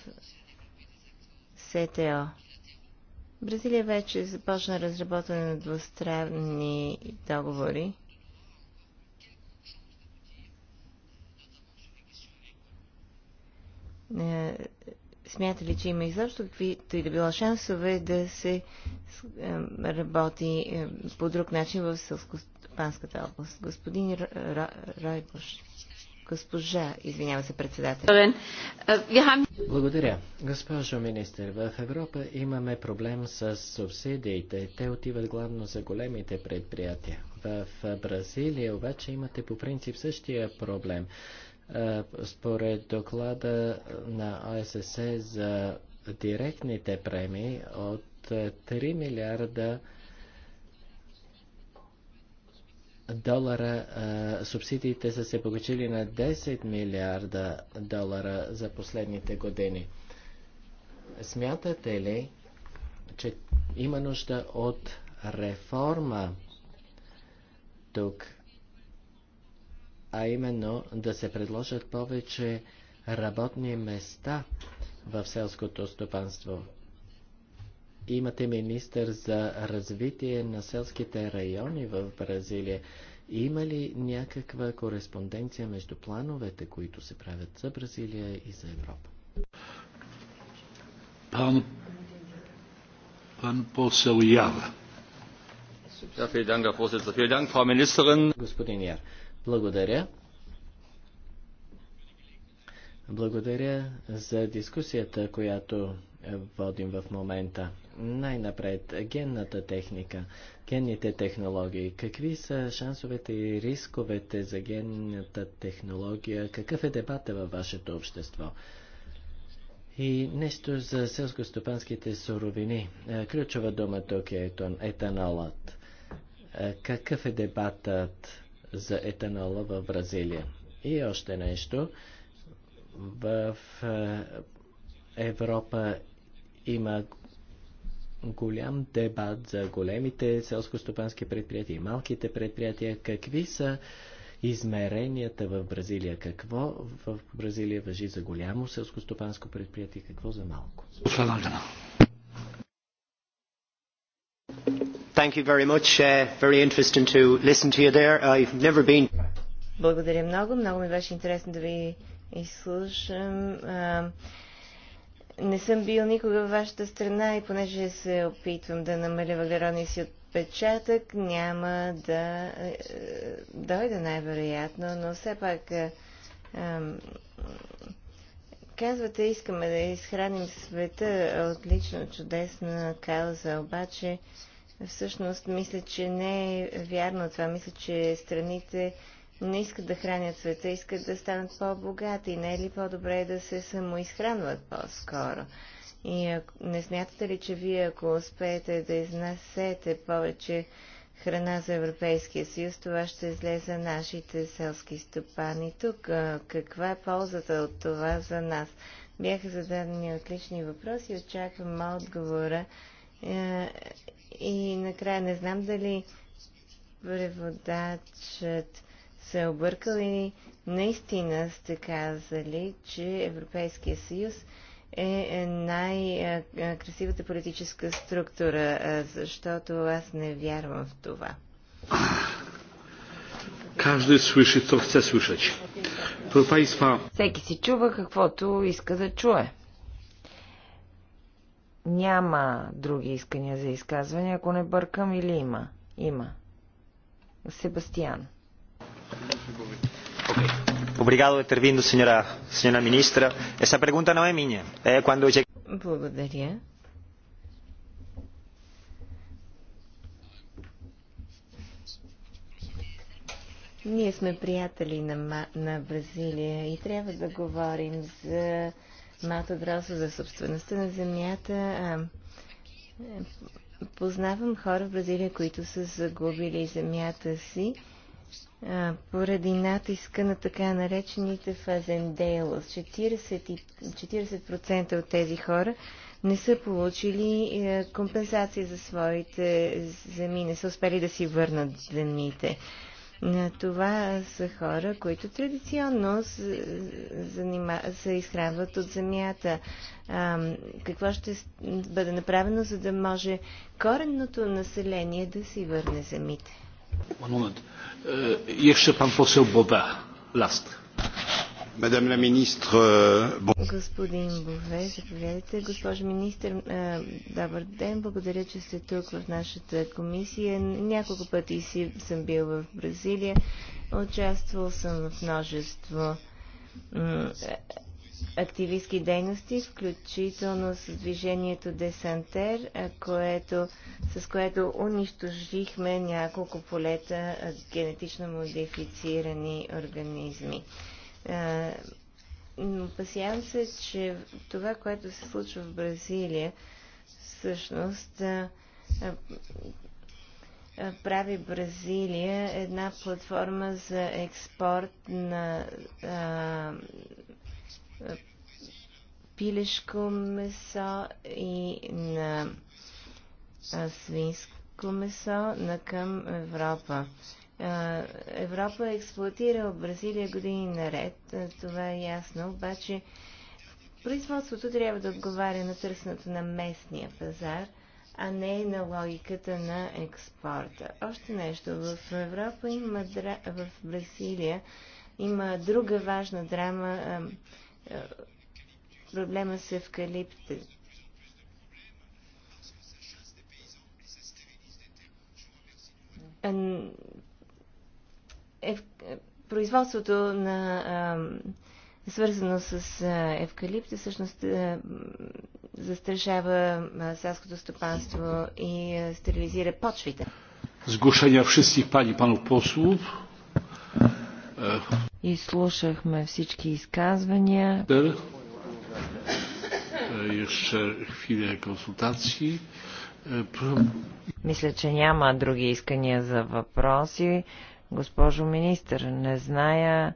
СТО? Бразилия вече започна разработване на двустранни договори. Е, смята ли, че има изобщо каквито и да било шансове да се работи по друг начин в Сълскостопанската област? Господин Райбуш. Госпожа, извинява се, председател. Е, Благодаря. Госпожо министр, в Европа имаме проблем с субсидиите. Те отиват главно за големите предприятия. В Бразилия обаче имате по принцип същия проблем. Е, според доклада на ОСС за директните премии от 3 е, милиарда долара, е, субсидиите са се получили на 10 милиарда долара за последните години. Смятате ли, че има нужда от реформа тук? а именно да се предложат повече работни места в селското стопанство. Имате министър за развитие на селските райони в Бразилия. Има ли някаква кореспонденция между плановете, които се правят за Бразилия и за Европа? Пан, пан посел Ява. Господин Яр, благодаря. Благодаря за дискусията, която водим в момента. Най-напред, генната техника, генните технологии. Какви са шансовете и рисковете за генната технология? Какъв е дебата във вашето общество? И нещо за селско-стопанските суровини. Е, ключова дума тук е етанолът. Е, какъв е дебатът за етанола в Бразилия. И още нещо. В е, Европа има голям дебат за големите селско-стопански предприятия и малките предприятия. Какви са измеренията в Бразилия? Какво в Бразилия въжи за голямо селско-стопанско предприятие, какво за малко? Thank you very much. Uh, very interesting to listen to you there. I've never been... Благодаря много. Много ми беше интересно да ви изслушам. не съм бил никога във вашата страна и понеже се опитвам да намаля въглеродния си отпечатък, няма да е, е, дойда най-вероятно, но все пак е, казвате, искаме да изхраним света отлично, чудесна кауза, обаче Всъщност, мисля, че не е вярно това. Мисля, че страните не искат да хранят света, искат да станат по-богати. Не е ли по-добре да се самоизхранват по-скоро? И ако, не смятате ли, че вие, ако успеете да изнасете повече храна за Европейския съюз, това ще излезе нашите селски стопани тук? Каква е ползата от това за нас? Бяха зададени отлични въпроси, очаквам отговора. Е, и накрая не знам дали преводачът се е объркал и наистина сте казали, че Европейския съюз е най-красивата политическа структура, защото аз не вярвам в това. Каждый слышит, то все слышать. Всеки си чува каквото иска да чуе. Няма други искания за изказване, ако не бъркам или има? Има. Себастиан. Obrigado por ter vindo, senhora, senhora ministra. Essa pergunta não é minha. É eh, quando eu Благодаря. Ние сме приятели на, на Бразилия и трябва да говорим за Малта Дроза за собствеността на земята. Познавам хора в Бразилия, които са загубили земята си поради натиска на така наречените фазенделос. 40%, 40 от тези хора не са получили е, компенсации за своите земи, не са успели да си върнат земите. Е, това са хора, които традиционно се изхранват от земята. Какво ще бъде направено, за да може коренното население да си върне земите? Момент. Еще пан посел Боба. Ласт. Euh, Господин Бове, заповядайте. Госпожо министр, добър ден. Благодаря, че сте тук в нашата комисия. Няколко пъти си съм бил в Бразилия. Участвал съм в множество активистски дейности, включително с движението Десантер, което, с което унищожихме няколко полета генетично модифицирани организми. Е, опасявам се, че това, което се случва в Бразилия, всъщност е, е, прави Бразилия една платформа за експорт на пилешко месо и на свинско месо на към Европа. Европа е експлуатирала Бразилия години наред, това е ясно, обаче производството трябва да отговаря на търсенето на местния пазар, а не на логиката на експорта. Още нещо, в Европа има, в Бразилия има друга важна драма, проблема с евкалипта. Е, е, производството на а, свързано с а, евкалипта всъщност а, е, застрашава а, селското стопанство и а, стерилизира почвите. Zgłoszenia wszystkich pani панов послов. И слушахме всички изказвания. Е, еще chwilę консултации. Мисля, че няма други искания за въпроси. Госпожо министър, не зная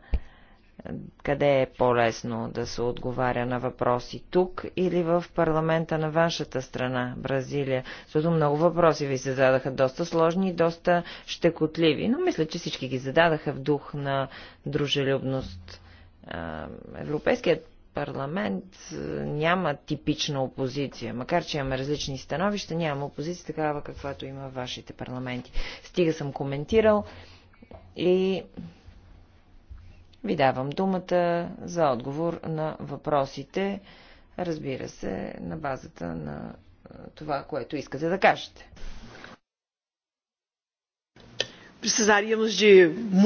къде е по-лесно да се отговаря на въпроси тук или в парламента на вашата страна, Бразилия? Защото много въпроси ви се зададаха, доста сложни и доста щекотливи, но мисля, че всички ги зададаха в дух на дружелюбност. Европейският парламент няма типична опозиция. Макар, че имаме различни становища, няма опозиция такава, каквато има в вашите парламенти. Стига съм коментирал и ви давам думата за отговор на въпросите, разбира се, на базата на това, което искате да кажете. Precisaríamos de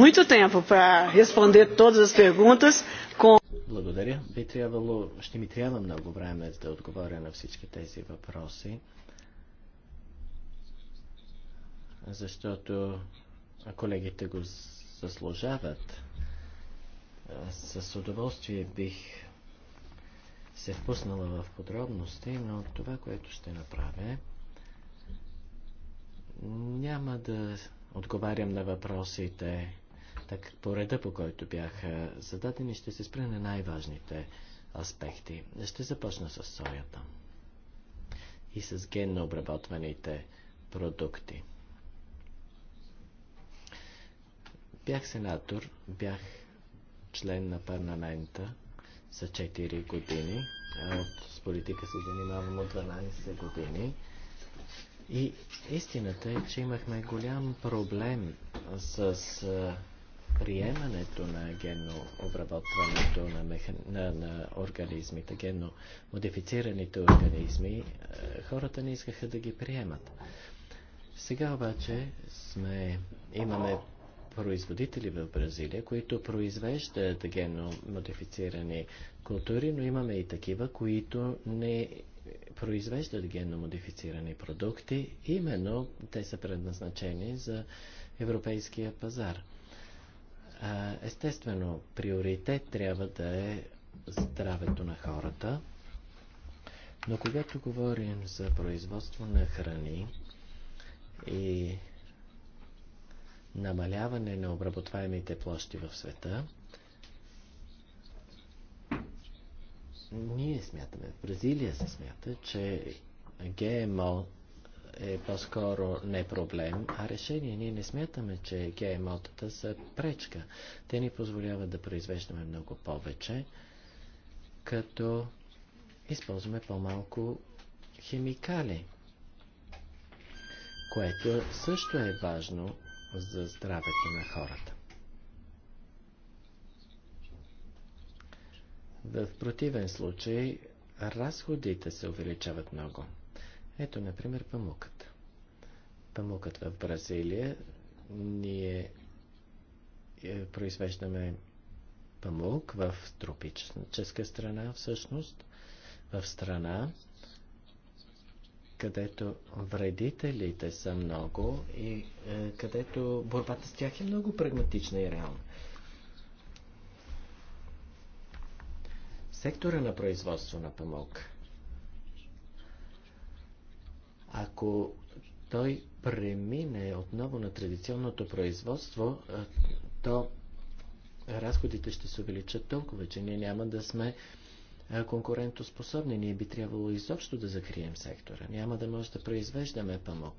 muito tempo para responder todas as perguntas com благодаря. Би трябвало, ще ми трябва много време да отговоря на всички тези въпроси, защото Колегите го заслужават. С удоволствие бих се впуснала в подробности, но това, което ще направя, няма да отговарям на въпросите так, по реда, по който бяха зададени, ще се спра на най-важните аспекти. Ще започна с соята и с генно обработваните продукти. Бях сенатор, бях член на парламента за 4 години. От, с политика се занимавам от 12 години. И истината е, че имахме голям проблем с приемането на генно обработването на, меха... на, на организмите, генно модифицираните организми, е, хората не искаха да ги приемат. Сега обаче сме, имаме производители в Бразилия, които произвеждат генно модифицирани култури, но имаме и такива, които не произвеждат генно модифицирани продукти. Именно те са предназначени за европейския пазар. Естествено, приоритет трябва да е здравето на хората, но когато говорим за производство на храни и намаляване на обработваемите площи в света. Ние смятаме, в Бразилия се смята, че ГМО е по-скоро не проблем, а решение. Ние не смятаме, че ГМО-тата са пречка. Те ни позволяват да произвеждаме много повече, като използваме по-малко химикали, което също е важно за здравето на хората. В противен случай разходите се увеличават много. Ето, например, памукът. Памукът в Бразилия ние е, произвеждаме памук в тропическа страна, всъщност, в страна, където вредителите са много и е, където борбата с тях е много прагматична и реална. Сектора на производство на памук. Ако той премине отново на традиционното производство, е, то разходите ще се увеличат толкова, че ние няма да сме конкурентоспособни. Ние би трябвало изобщо да закрием сектора. Няма да може да произвеждаме памук.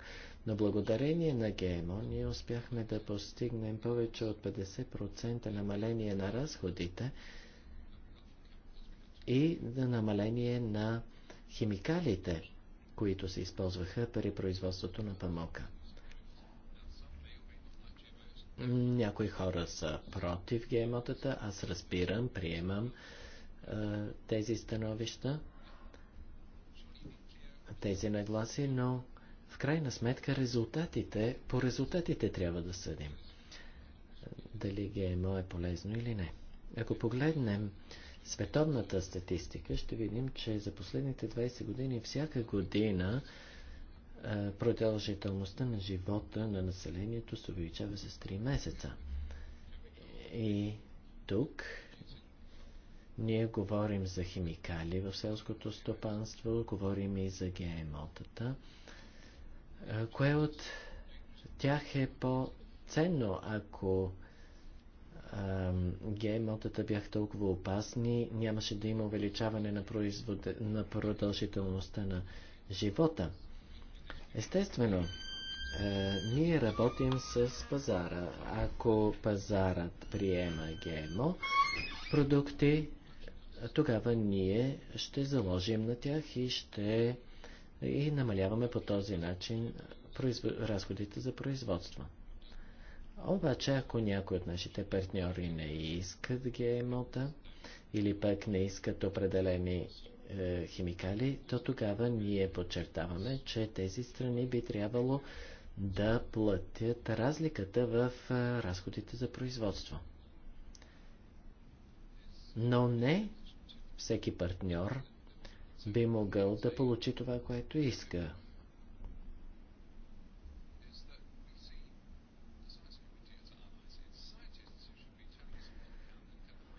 Но благодарение на ГМО ние успяхме да постигнем повече от 50% намаление на разходите и на намаление на химикалите, които се използваха при производството на памука. Някои хора са против ГМО-тата, аз разбирам, приемам тези становища, тези нагласи, но в крайна сметка резултатите, по резултатите трябва да съдим. Дали ГМО е полезно или не. Ако погледнем световната статистика, ще видим, че за последните 20 години всяка година продължителността на живота на населението се увеличава с 3 месеца. И тук ние говорим за химикали в селското стопанство, говорим и за ГМО-тата. Кое от тях е по-ценно, ако ГМО-тата бяха толкова опасни, нямаше да има увеличаване на, производ... на продължителността на живота. Естествено, е, ние работим с пазара. Ако пазарът приема ГМО, продукти тогава ние ще заложим на тях и ще и намаляваме по този начин произв... разходите за производство. Обаче, ако някой от нашите партньори не искат ГМО-та или пък не искат определени е, химикали, то тогава ние подчертаваме, че тези страни би трябвало да платят разликата в е, разходите за производство. Но не всеки партньор би могъл да получи това, което иска.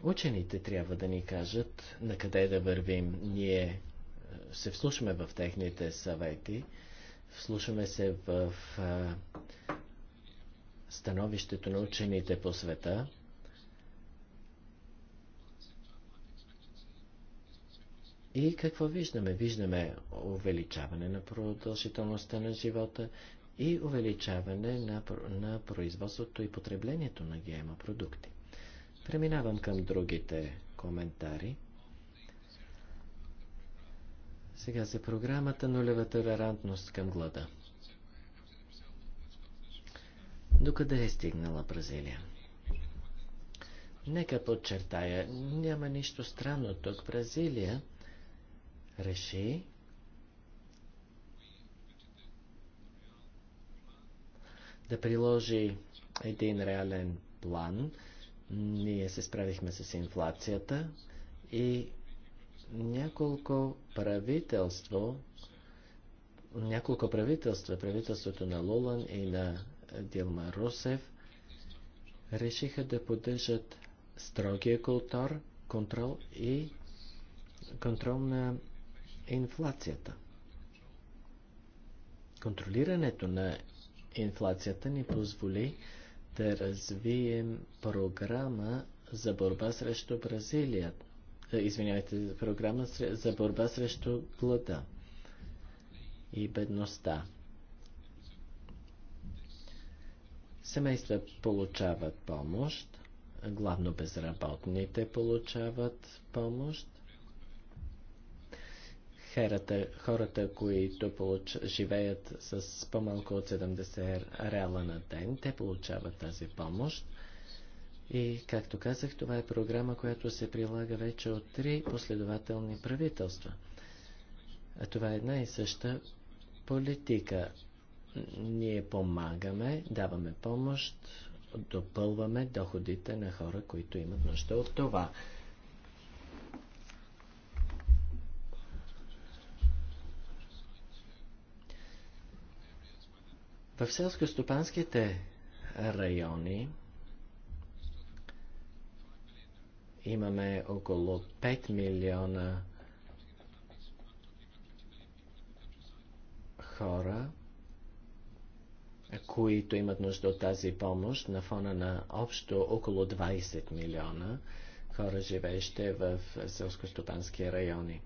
Учените трябва да ни кажат на къде да вървим. Ние е, се вслушаме в техните съвети, вслушаме се в е, становището на учените по света. И какво виждаме? Виждаме увеличаване на продължителността на живота и увеличаване на, на производството и потреблението на ГМО продукти. Преминавам към другите коментари. Сега за програмата нулева толерантност към глада. Докъде е стигнала Бразилия? Нека подчертая, няма нищо странно тук. Бразилия реши да приложи един реален план. Ние се справихме с инфлацията и няколко правителство, няколко правителства, правителството на Лулан и на Дилма Русев, решиха да поддържат строгия контрол, контрол и контрол на е инфлацията. Контролирането на инфлацията ни позволи да развием програма за борба срещу Бразилия. Е, извинявайте, програма за борба срещу глада и бедността. Семейства получават помощ, главно безработните получават помощ, херата, хората които получ, живеят с по-малко от 70 реала на ден, те получават тази помощ. И, както казах, това е програма, която се прилага вече от три последователни правителства. А това е една и съща политика. Ние помагаме, даваме помощ, допълваме доходите на хора, които имат нужда от това. В селско-стопанските райони имаме около 5 милиона хора, които имат нужда от тази помощ на фона на общо около 20 милиона хора, живеещи в селско-стопански райони.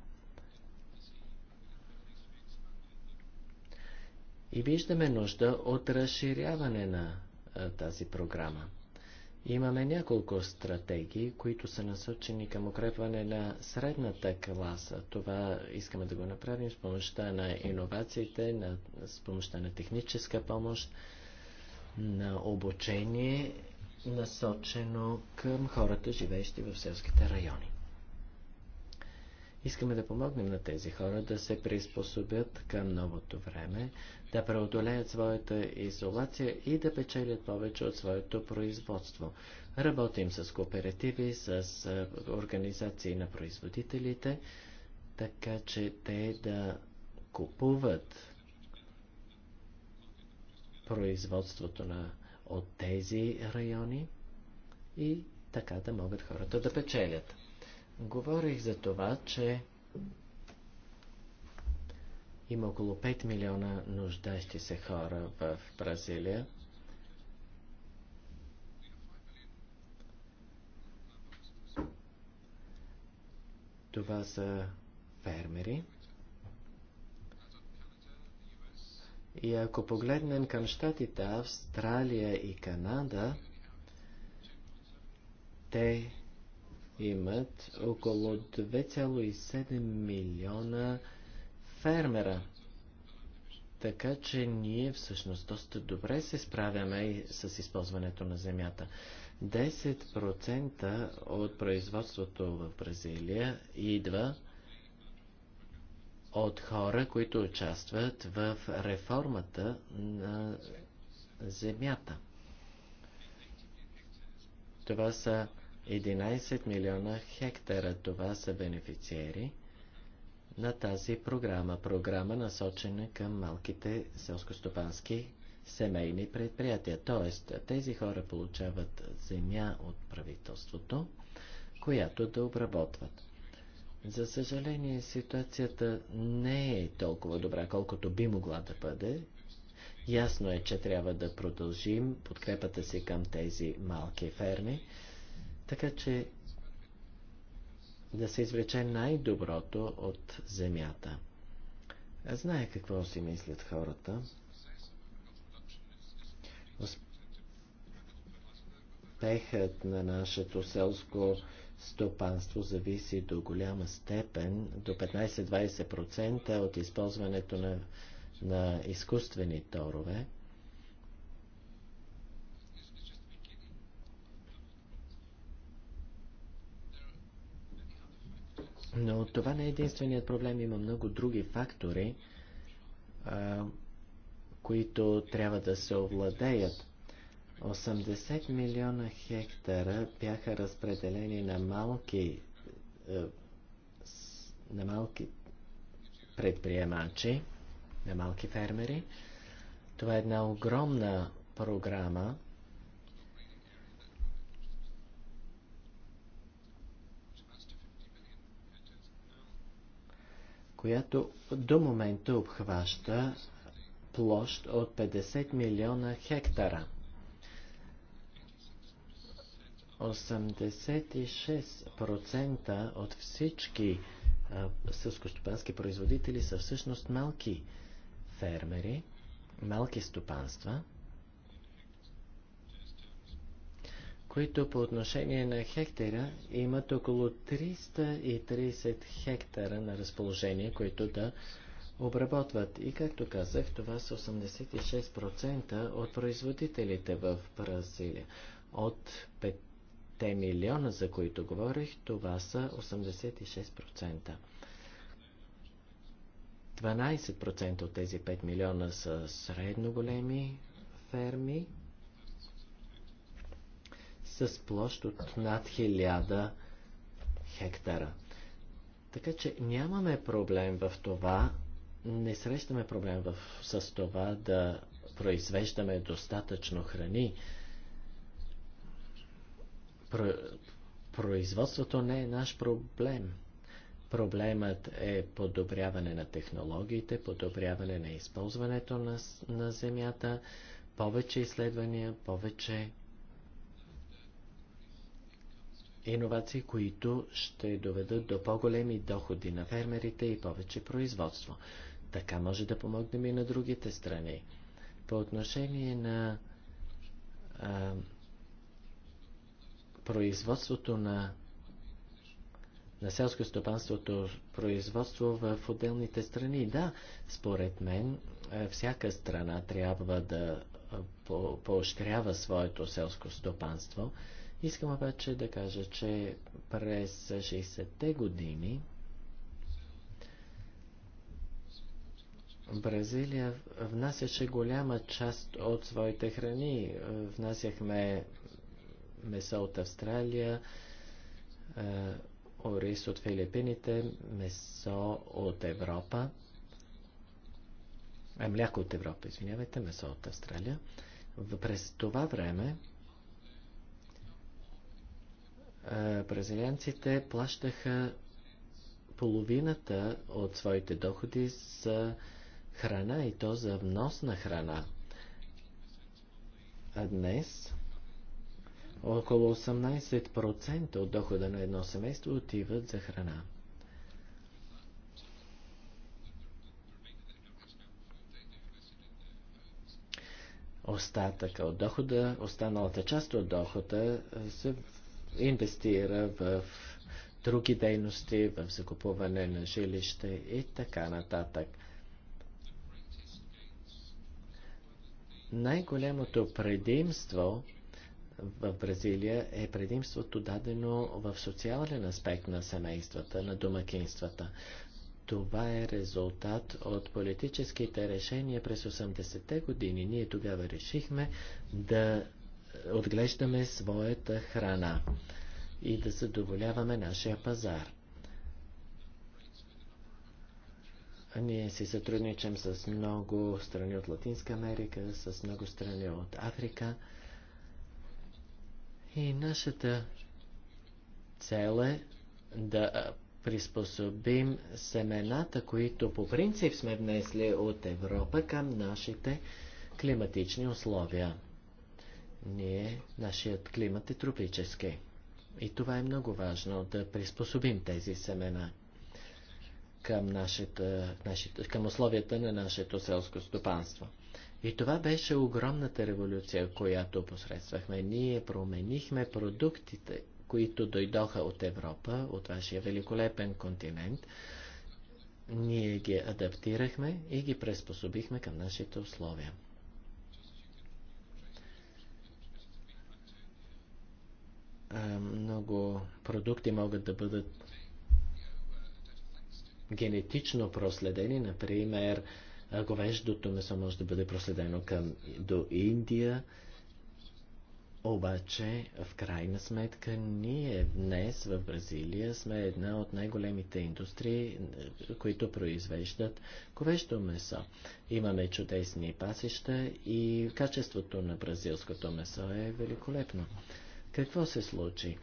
И виждаме нужда от разширяване на а, тази програма. Имаме няколко стратегии, които са насочени към укрепване на средната класа. Това искаме да го направим с помощта на иновациите, на, с помощта на техническа помощ, на обучение, насочено към хората, живеещи в селските райони. Искаме да помогнем на тези хора да се приспособят към новото време, да преодолеят своята изолация и да печелят повече от своето производство. Работим с кооперативи, с организации на производителите, така че те да купуват производството на, от тези райони и така да могат хората да печелят. Говорих за това, че има около 5 милиона нуждащи се хора в Бразилия. Това са фермери. И ако погледнем към щатите Австралия и Канада, те имат около 2,7 милиона фермера. Така че ние всъщност доста добре се справяме с използването на земята. 10% от производството в Бразилия идва от хора, които участват в реформата на земята. Това са 11 милиона хектара. Това са бенефициери на тази програма. Програма насочена към малките селскостопански семейни предприятия. Тоест, тези хора получават земя от правителството, която да обработват. За съжаление, ситуацията не е толкова добра, колкото би могла да бъде. Ясно е, че трябва да продължим подкрепата си към тези малки ферми. Така че да се извлече най-доброто от земята. Аз знае какво си мислят хората. Успехът на нашето селско стопанство зависи до голяма степен, до 15-20% от използването на, на изкуствени торове. Но това не е единственият проблем. Има много други фактори, а, които трябва да се овладеят. 80 милиона хектара бяха разпределени на малки, на малки предприемачи, на малки фермери. Това е една огромна програма, която до момента обхваща площ от 50 милиона хектара. 86% от всички сълскостопански производители са всъщност малки фермери, малки стопанства – които по отношение на хектара имат около 330 хектара на разположение, които да обработват. И както казах, това са 86% от производителите в Бразилия. От 5 милиона, за които говорих, това са 86%. 12% от тези 5 милиона са средно големи ферми, с площ от над 1000 хектара. Така че нямаме проблем в това, не срещаме проблем в, с това да произвеждаме достатъчно храни. Про, производството не е наш проблем. Проблемът е подобряване на технологиите, подобряване на използването на, на земята, повече изследвания, повече иновации, които ще доведат до по-големи доходи на фермерите и повече производство. Така може да помогнем и на другите страни. По отношение на а, производството на на селско стопанството производство в отделните страни. Да, според мен, всяка страна трябва да поощрява своето селско стопанство. Искам обаче да кажа, че през 60-те години Бразилия внасяше голяма част от своите храни. Внасяхме месо от Австралия, е, ориз от Филипините, месо от Европа, е, мляко от Европа, извинявайте, месо от Австралия. През това време е, бразилианците плащаха половината от своите доходи за храна и то за внос на храна. А днес около 18% от дохода на едно семейство отиват за храна. остатъка от дохода, останалата част от дохода е, се инвестира в други дейности, в закупуване на жилище и така нататък. Най-голямото предимство в Бразилия е предимството дадено в социален аспект на семействата, на домакинствата. Това е резултат от политическите решения през 80-те години. Ние тогава решихме да отглеждаме своята храна и да задоволяваме нашия пазар. Ние си сътрудничам с много страни от Латинска Америка, с много страни от Африка. И нашата цел е да приспособим семената, които по принцип сме внесли от Европа към нашите климатични условия. Ние, нашият климат е тропически. И това е много важно, да приспособим тези семена към, нашата, нашата, към условията на нашето селско стопанство. И това беше огромната революция, която посредствахме. Ние променихме продуктите, които дойдоха от Европа, от вашия великолепен континент. Ние ги адаптирахме и ги приспособихме към нашите условия. Е, много продукти могат да бъдат генетично проследени, например, е, говеждото месо може да бъде проследено към, до Индия, обаче, в крайна сметка, ние днес в Бразилия сме една от най-големите индустрии, е, които произвеждат ковещо месо. Имаме чудесни пасища и качеството на бразилското месо е великолепно. Какво се случи?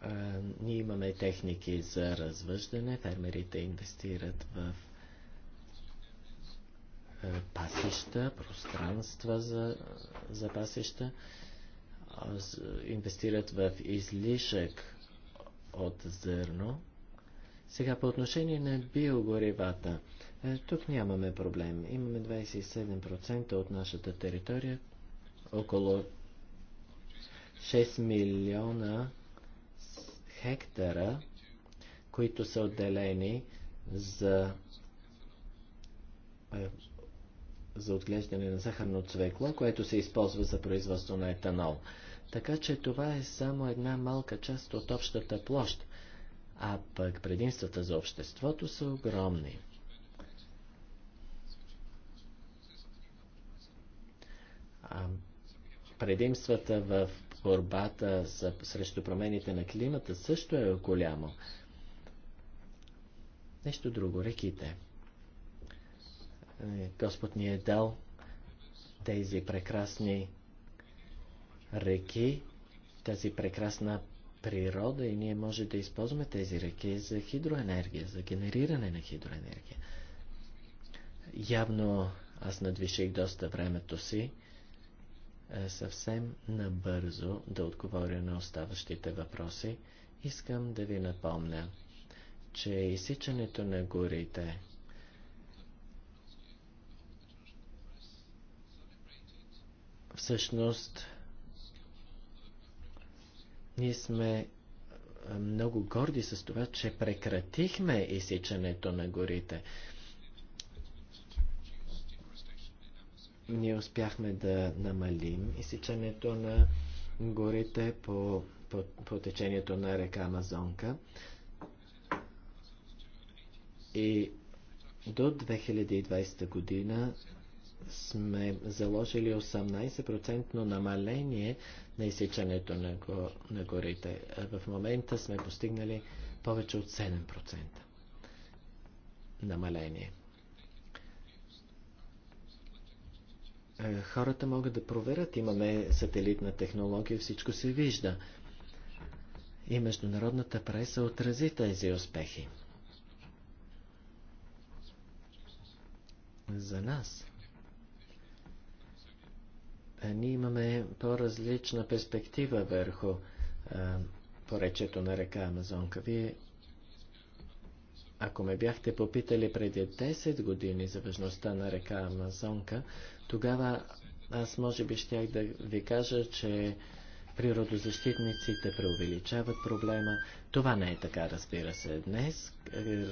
А, ние имаме техники за развъждане. Фермерите инвестират в пасища, пространства за, за пасища, инвестират в излишък от зърно. Сега по отношение на биогоривата. Тук нямаме проблем. Имаме 27% от нашата територия, около 6 милиона хектара, които са отделени за, е, за отглеждане на захарно цвекло, което се използва за производство на етанол. Така че това е само една малка част от общата площ, а пък предимствата за обществото са огромни. А предимствата в борбата за, срещу промените на климата също е голямо. Нещо друго, реките. Е, Господ ни е дал тези прекрасни реки, тази прекрасна природа и ние може да използваме тези реки за хидроенергия, за генериране на хидроенергия. Явно аз надвиших доста времето си. Е, съвсем набързо да отговоря на оставащите въпроси, искам да ви напомня, че изсичането на горите всъщност ние сме е, много горди с това, че прекратихме изсичането на горите. ние успяхме да намалим изсичането на горите по, по, по течението на река Амазонка. И до 2020 година сме заложили 18% намаление на изсичането на, го, на горите. В момента сме постигнали повече от 7% намаление. Е, хората могат да проверят. Имаме сателитна технология, всичко се вижда. И международната преса отрази тези успехи. За нас. Е, ние имаме по-различна перспектива върху а, е, поречето на река Амазонка. Вие ако ме бяхте попитали преди 10 години за важността на река Амазонка, тогава аз може би щях да ви кажа, че природозащитниците преувеличават проблема. Това не е така, разбира се. Днес, е,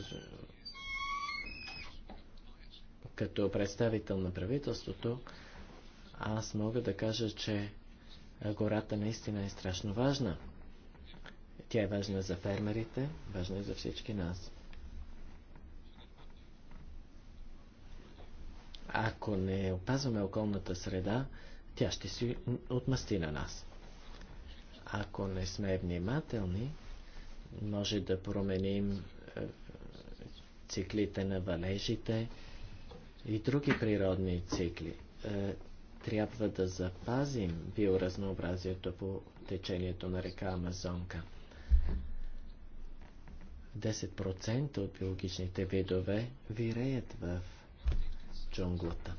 като представител на правителството, аз мога да кажа, че гората наистина е страшно важна. Тя е важна за фермерите, важна е за всички нас. Ако не опазваме околната среда, тя ще си отмъсти на нас. Ако не сме внимателни, може да променим е, циклите на валежите и други природни цикли. Е, трябва да запазим биоразнообразието по течението на река Амазонка. 10% от биологичните видове виреят в джунглата.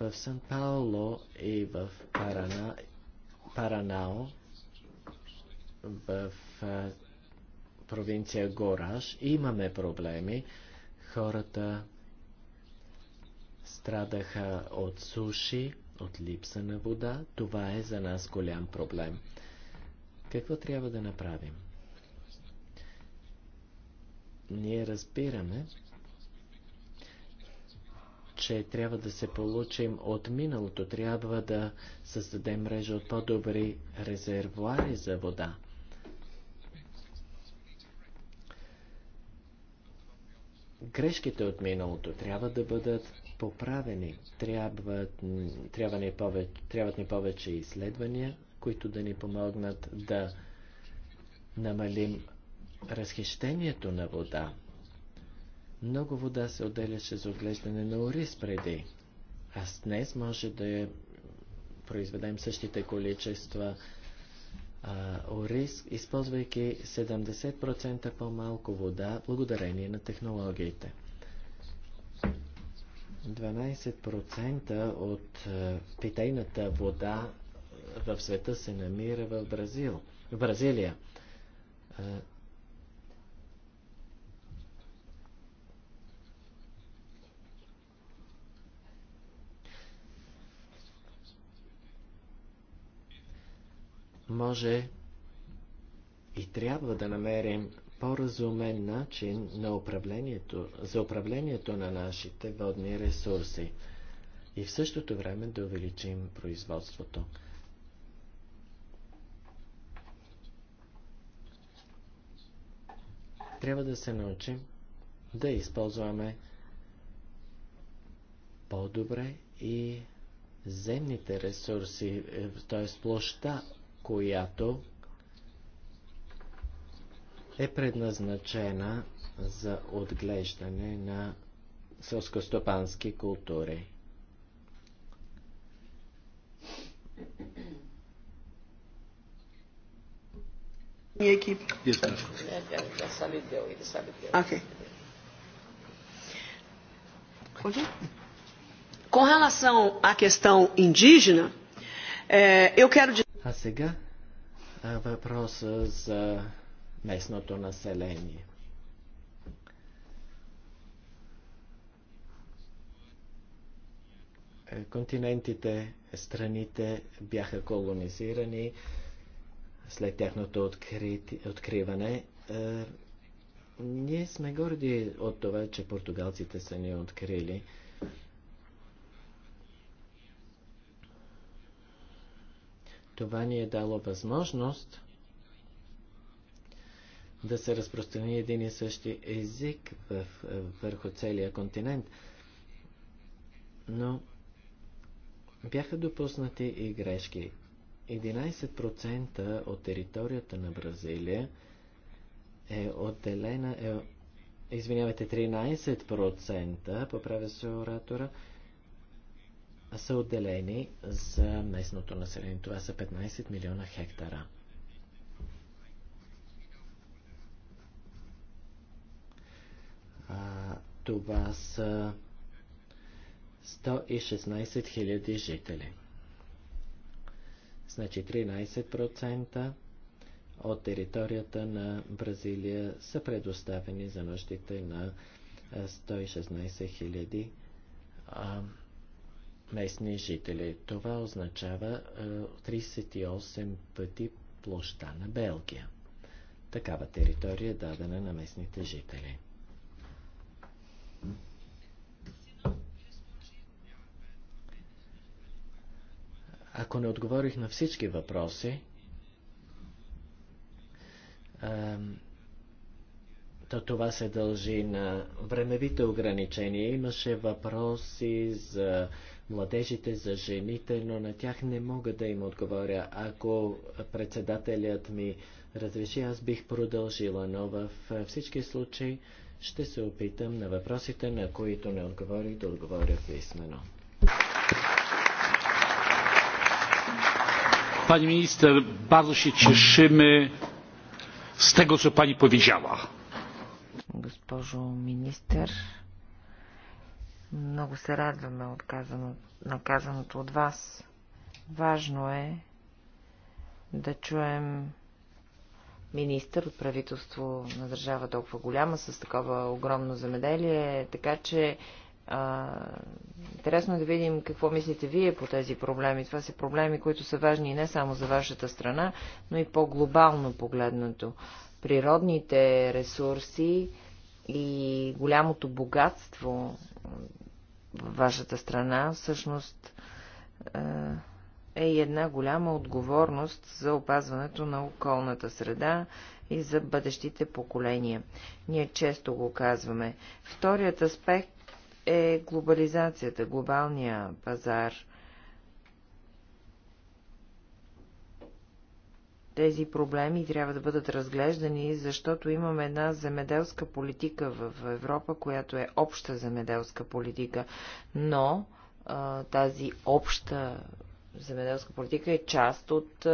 В Сан Пауло и в Парана, Паранао, в провинция Гораш имаме проблеми. Хората страдаха от суши, от липса на вода. Това е за нас голям проблем. Какво трябва да направим? Ние разбираме, че трябва да се получим от миналото, трябва да създадем мрежа от по-добри резервуари за вода. Грешките от миналото трябва да бъдат поправени. Трябват, трябва ни повече, трябват ни повече изследвания, които да ни помогнат да намалим разхищението на вода. Много вода се отделяше за отглеждане на ориз преди. А днес може да я произведем същите количества а, ориз, използвайки 70% по-малко вода, благодарение на технологиите. 12% от а, питейната вода в света се намира в Бразил, Бразилия. А, може и трябва да намерим по-разумен начин на управлението, за управлението на нашите водни ресурси и в същото време да увеличим производството. Трябва да се научим да използваме по-добре и земните ресурси, е, т.е. площа която е предназначена за отглеждане на селскостопански култури. Екип. Okay. Com relação à questão indígena, eu quero dizer. А сега въпроса за местното население. Е, континентите, страните бяха колонизирани след тяхното открити, откриване. Е, ние сме горди от това, че португалците са ни открили. Това ни е дало възможност да се разпространи един и същи език в, върху целия континент. Но бяха допуснати и грешки. 11% от територията на Бразилия е отделена, е, извинявайте, 13% поправя се оратора, са отделени за местното население. Това са 15 милиона хектара. А, това са 116 хиляди жители. Значи 13% от територията на Бразилия са предоставени за нуждите на 116 хиляди местни жители. Това означава 38 е, пъти площа на Белгия. Такава територия е дадена на местните жители. Ако не отговорих на всички въпроси, то това се дължи на времевите ограничения. Имаше въпроси за младежите, за жените, но на тях не мога да им отговоря. Ако председателят ми разреши, аз бих продължила, но в всички случаи ще се опитам на въпросите, на които не отговорих, да отговоря писменно. Pani minister, bardzo się cieszymy z tego, co pani powiedziała Госпожо министър, много се радваме от казано, на казаното от вас. Важно е да чуем министър от правителство на държава толкова голяма, с такова огромно замеделие, така че а, интересно е да видим какво мислите вие по тези проблеми. Това са проблеми, които са важни не само за вашата страна, но и по-глобално погледнато природните ресурси и голямото богатство във вашата страна всъщност е, е и една голяма отговорност за опазването на околната среда и за бъдещите поколения. Ние често го казваме. Вторият аспект е глобализацията, глобалния пазар – Тези проблеми трябва да бъдат разглеждани, защото имаме една земеделска политика в Европа, която е обща земеделска политика, но тази обща земеделска политика е част от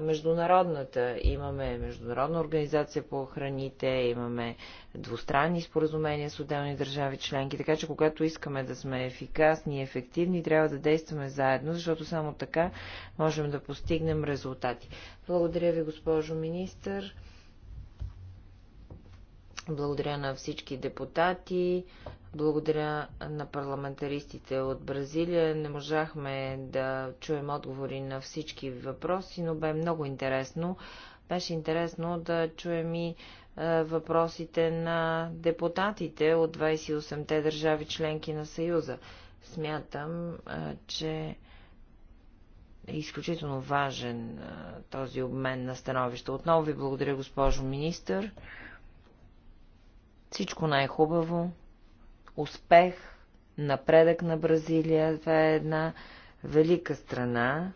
международната. Имаме Международна организация по храните, имаме двустранни споразумения с отделни държави членки, така че когато искаме да сме ефикасни и ефективни, трябва да действаме заедно, защото само така можем да постигнем резултати. Благодаря ви, госпожо министър. Благодаря на всички депутати, благодаря на парламентаристите от Бразилия. Не можахме да чуем отговори на всички въпроси, но бе много интересно. Беше интересно да чуем и въпросите на депутатите от 28-те държави членки на Съюза. Смятам, че е изключително важен този обмен на становища. Отново ви благодаря, госпожо министър. Всичко най-хубаво, успех, напредък на Бразилия. Това е една велика страна.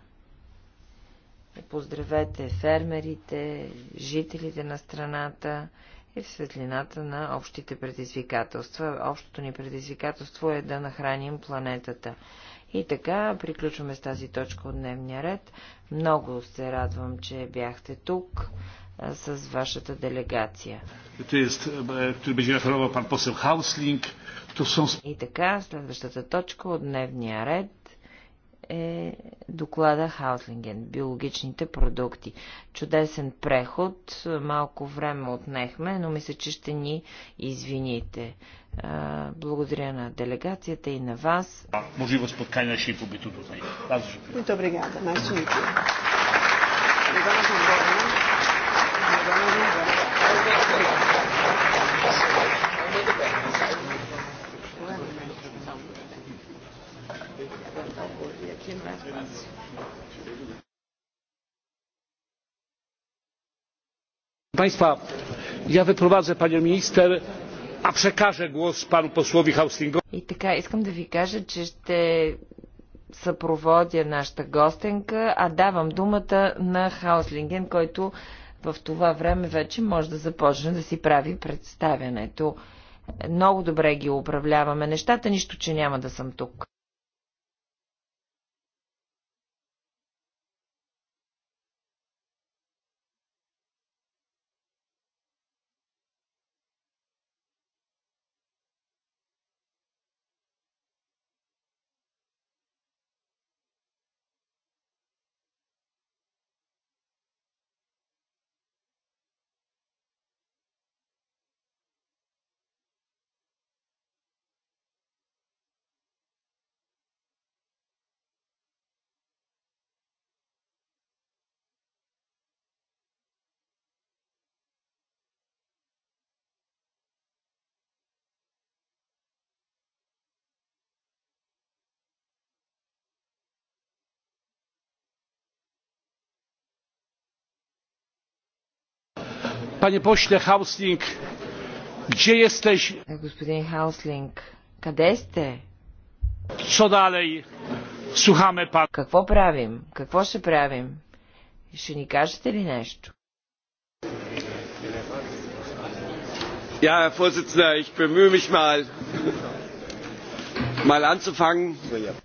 Поздравете фермерите, жителите на страната и в светлината на общите предизвикателства. Общото ни предизвикателство е да нахраним планетата. И така, приключваме с тази точка от дневния ред. Много се радвам, че бяхте тук с вашата делегация. E, и така, следващата точка от дневния ред е доклада Хауслинген, биологичните продукти. Чудесен преход, малко време отнехме, но мисля, че ще ни извините. Благодаря на делегацията и на вас. Може и споткане ще и побито Добре, нея. Muito obrigada, państwa! ja wyprowadzę panią minister a przekażę głos panu posłowi hustingowi. I tak, искам да ви кажа, че ще съпроводя нашата гостенка, а давам думата на Хауслинген, който в това време вече може да започне да си прави представянето. Много добре ги управляваме нещата, нищо, че няма да съм тук. Panie pośle Hausling, gdzie jesteś? Е, господин Хауслинг, къде сте? Co dalej? Słuchamy pan. Какво правим? Какво ще правим? Ще ни кажете ли нещо? Ja, Herr Vorsitzender, ich bemühe mich mal, mal anzufangen.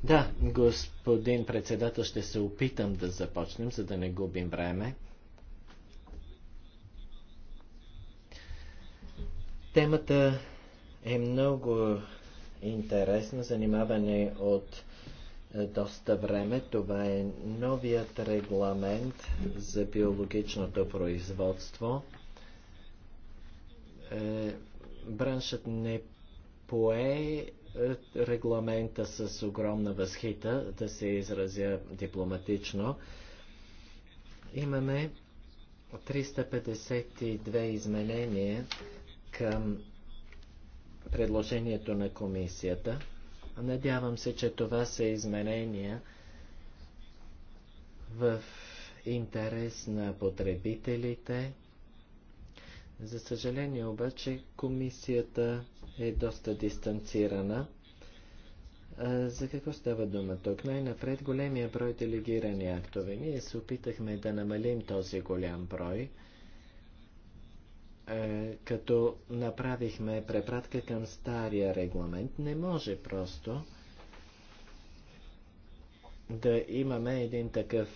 Да, господин председател, ще се опитам да започнем, за да не губим време. Темата е много интересна. Занимаване от е, доста време. Това е новият регламент за биологичното производство. Е, браншът не пое е, регламента с огромна възхита, да се изразя дипломатично. Имаме 352 изменения към предложението на комисията. Надявам се, че това са изменения в интерес на потребителите. За съжаление обаче комисията е доста дистанцирана. За какво става дума тук? Най-напред големия брой делегирани актове. Ние се опитахме да намалим този голям брой е, като направихме препратка към стария регламент, не може просто да имаме един такъв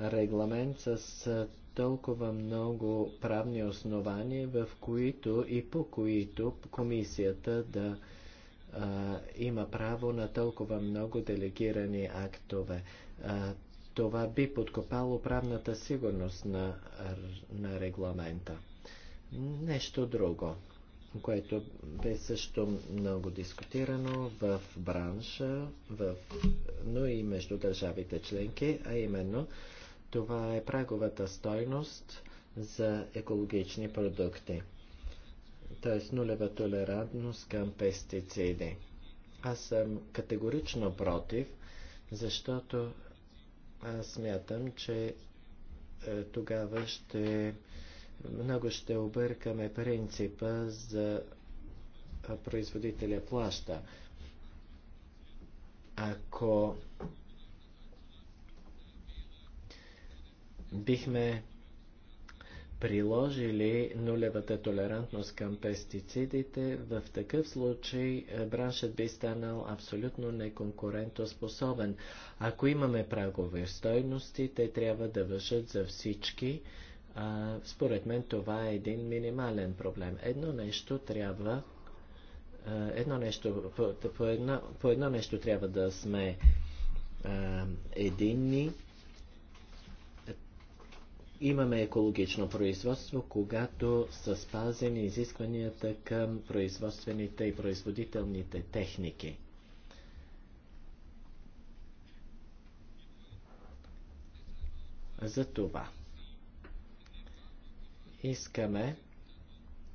регламент с толкова много правни основания, в които и по които комисията да а, има право на толкова много делегирани актове. А, това би подкопало правната сигурност на, на регламента. Нещо друго, което бе също много дискутирано в бранша, в, но и между държавите членки, а именно това е праговата стойност за екологични продукти, т.е. нулева толерантност към пестициди. Аз съм категорично против, защото аз смятам, че е, тогава ще много ще объркаме принципа за производителя плаща. Ако бихме приложили нулевата толерантност към пестицидите, в такъв случай е, браншът би станал абсолютно неконкурентоспособен. Ако имаме прагове стойности, те трябва да вършат за всички. А, според мен това е един минимален проблем. Едно нещо трябва е, едно нещо, по, по, едно, по едно нещо трябва да сме а, е, единни имаме екологично производство, когато са спазени изискванията към производствените и производителните техники. За това искаме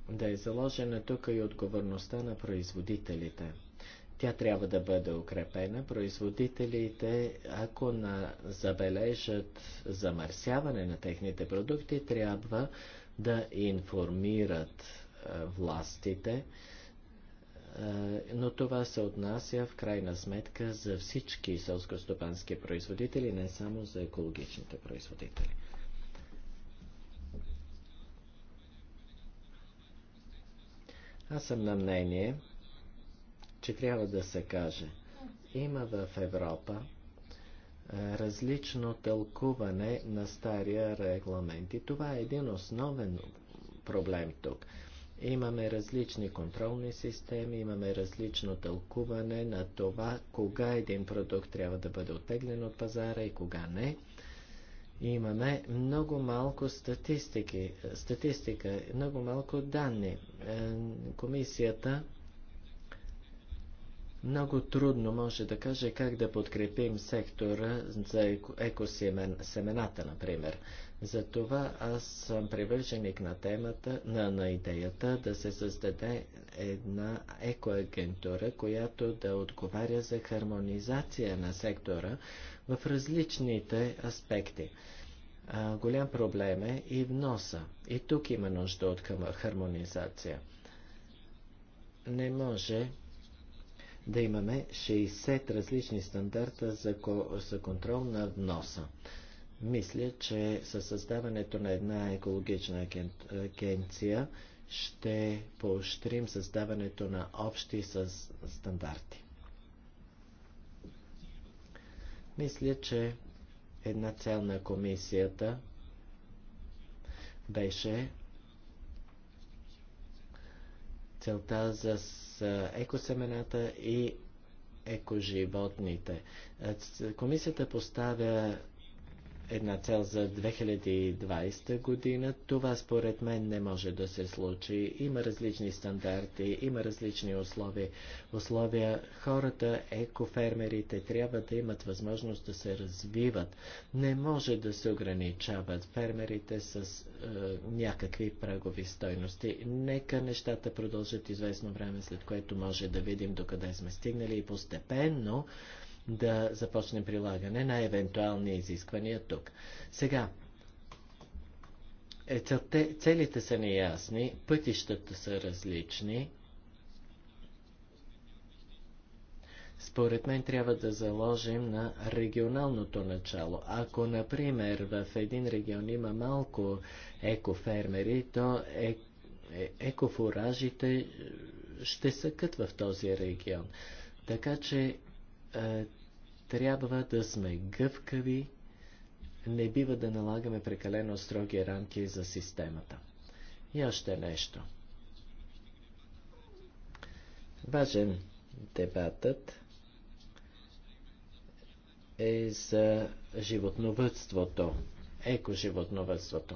да е заложена тук и отговорността на производителите – тя трябва да бъде укрепена. Производителите, ако на забележат замърсяване на техните продукти, трябва да информират властите, но това се отнася в крайна сметка за всички селскостопански производители, не само за екологичните производители. Аз съм на мнение, че трябва да се каже. Има в Европа е, различно тълкуване на стария регламент. И това е един основен проблем тук. Имаме различни контролни системи, имаме различно тълкуване на това кога един продукт трябва да бъде оттеглен от пазара и кога не. Имаме много малко статистики, статистика, много малко данни. Е, комисията много трудно може да каже как да подкрепим сектора за екосемената, например. Затова аз съм привърженик на темата, на, на идеята да се създаде една екоагентура, която да отговаря за хармонизация на сектора в различните аспекти. А, голям проблем е и вноса. И тук има нужда от хармонизация. Не може да имаме 60 различни стандарта за, за контрол на вноса. Мисля, че със създаването на една екологична аген... агенция ще поощрим създаването на общи с стандарти. Мисля, че една цел на комисията беше целта за екосемената и екоживотните. Комисията поставя една цел за 2020 година. Това според мен не може да се случи. Има различни стандарти, има различни условия. условия. Хората, екофермерите трябва да имат възможност да се развиват. Не може да се ограничават фермерите с е, някакви прагови стойности. Нека нещата продължат известно време, след което може да видим докъде сме стигнали и постепенно да започне прилагане на евентуални изисквания тук. Сега, е, целите са неясни, пътищата са различни. Според мен трябва да заложим на регионалното начало. Ако, например, в един регион има малко екофермери, то е, е, екофуражите ще съкът в този регион. Така че е, трябва да сме гъвкави, не бива да налагаме прекалено строги рамки за системата. И още нещо. Важен дебатът е за животновътството, екоживотновътството.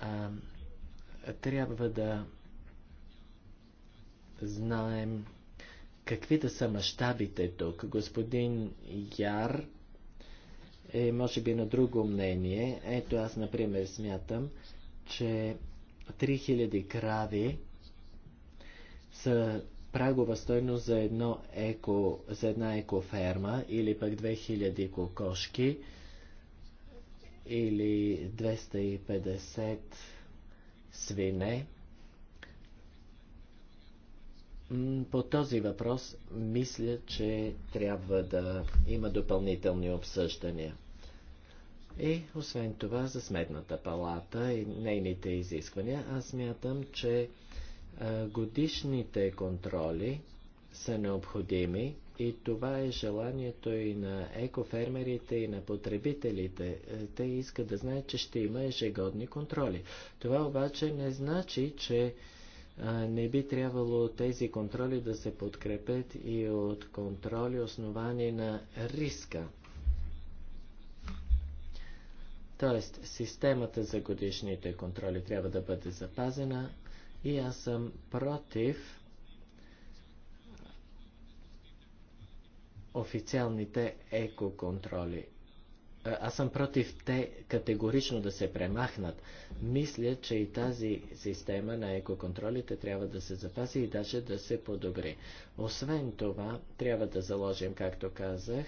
А, трябва да знаем какви да са мащабите тук. Господин Яр е, може би, на друго мнение. Ето аз, например, смятам, че 3000 крави са прагова стойност за, едно еко, за една екоферма или пък 2000 кокошки или 250 свине. По този въпрос мисля, че трябва да има допълнителни обсъждания. И освен това за сметната палата и нейните изисквания, аз мятам, че годишните контроли са необходими и това е желанието и на екофермерите, и на потребителите. Е, те искат да знаят, че ще има ежегодни контроли. Това обаче не значи, че не би трябвало тези контроли да се подкрепят и от контроли основани на риска. Тоест, системата за годишните контроли трябва да бъде запазена и аз съм против официалните екоконтроли аз съм против те категорично да се премахнат. Мисля, че и тази система на екоконтролите трябва да се запази и даже да се подобри. Освен това, трябва да заложим, както казах,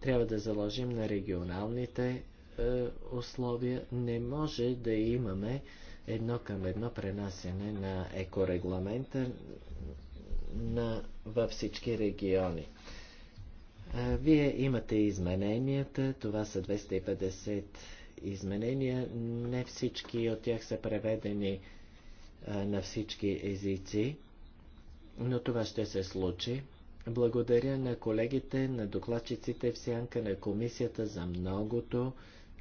трябва да заложим на регионалните е, условия. Не може да имаме едно към едно пренасене на екорегламента на, във всички региони. Вие имате измененията, това са 250 изменения, не всички от тях са преведени на всички езици, но това ще се случи. Благодаря на колегите, на докладчиците в сянка на комисията за многото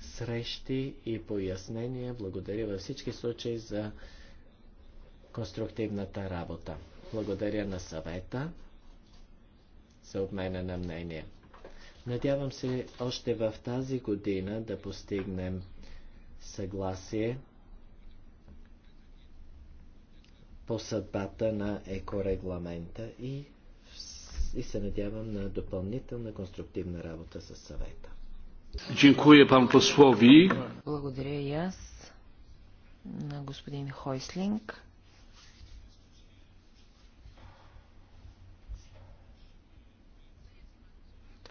срещи и пояснения. Благодаря във всички случаи за конструктивната работа. Благодаря на съвета за обмена на мнение. Надявам се още в тази година да постигнем съгласие по съдбата на екорегламента и, и се надявам на допълнителна конструктивна работа с съвета. Благодаря и аз на господин Хойслинг.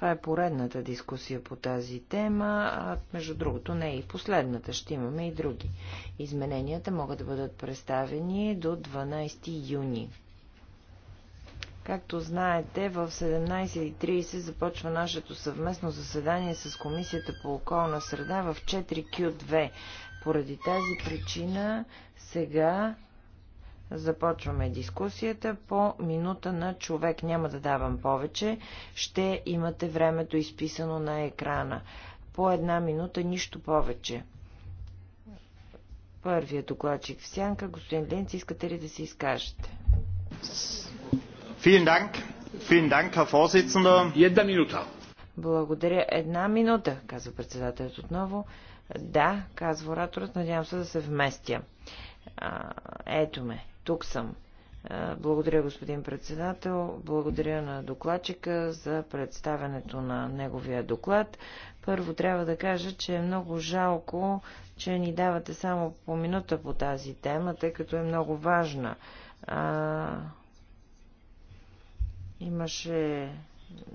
Това е поредната дискусия по тази тема, а между другото не е и последната, ще имаме и други. Измененията могат да бъдат представени до 12 юни. Както знаете, в 17.30 започва нашето съвместно заседание с Комисията по околна среда в 4Q2. Поради тази причина сега Започваме дискусията по минута на човек. Няма да давам повече. Ще имате времето изписано на екрана. По една минута, нищо повече. Първият докладчик в сянка. Господин Ленц, искате ли да се изкажете? Една минута. Благодаря. Една минута, казва председателят отново. Да, казва ораторът, надявам се да се вместя. А, ето ме. Тук съм. Е, благодаря, господин председател. Благодаря на докладчика за представянето на неговия доклад. Първо трябва да кажа, че е много жалко, че ни давате само по минута по тази тема, тъй като е много важна. А... Имаше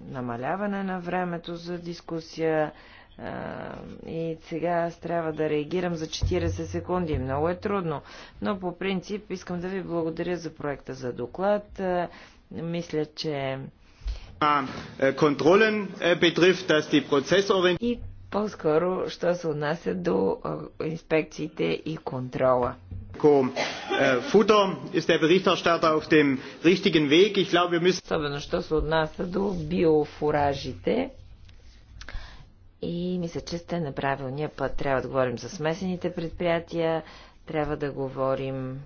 намаляване на времето за дискусия, и сега аз трябва да реагирам за 40 секунди. Много е трудно, но по принцип искам да ви благодаря за проекта за доклад. Мисля, че е, контролен betrifft, dass die Prozessorientierung и по-скоро, що се отнася до инспекциите и контрола. Futter ist der Berichterstatter auf dem richtigen Weg. Ich glaube, wir müssen... Особено, що се отнася до биофуражите, и мисля, че сте на правилния път. Трябва да говорим за смесените предприятия, трябва да говорим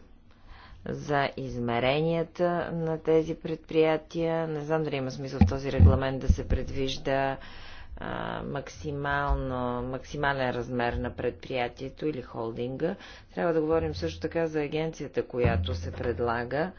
за измеренията на тези предприятия. Не знам дали има смисъл в този регламент да се предвижда а, максимално, максимален размер на предприятието или холдинга. Трябва да говорим също така за агенцията, която се предлага.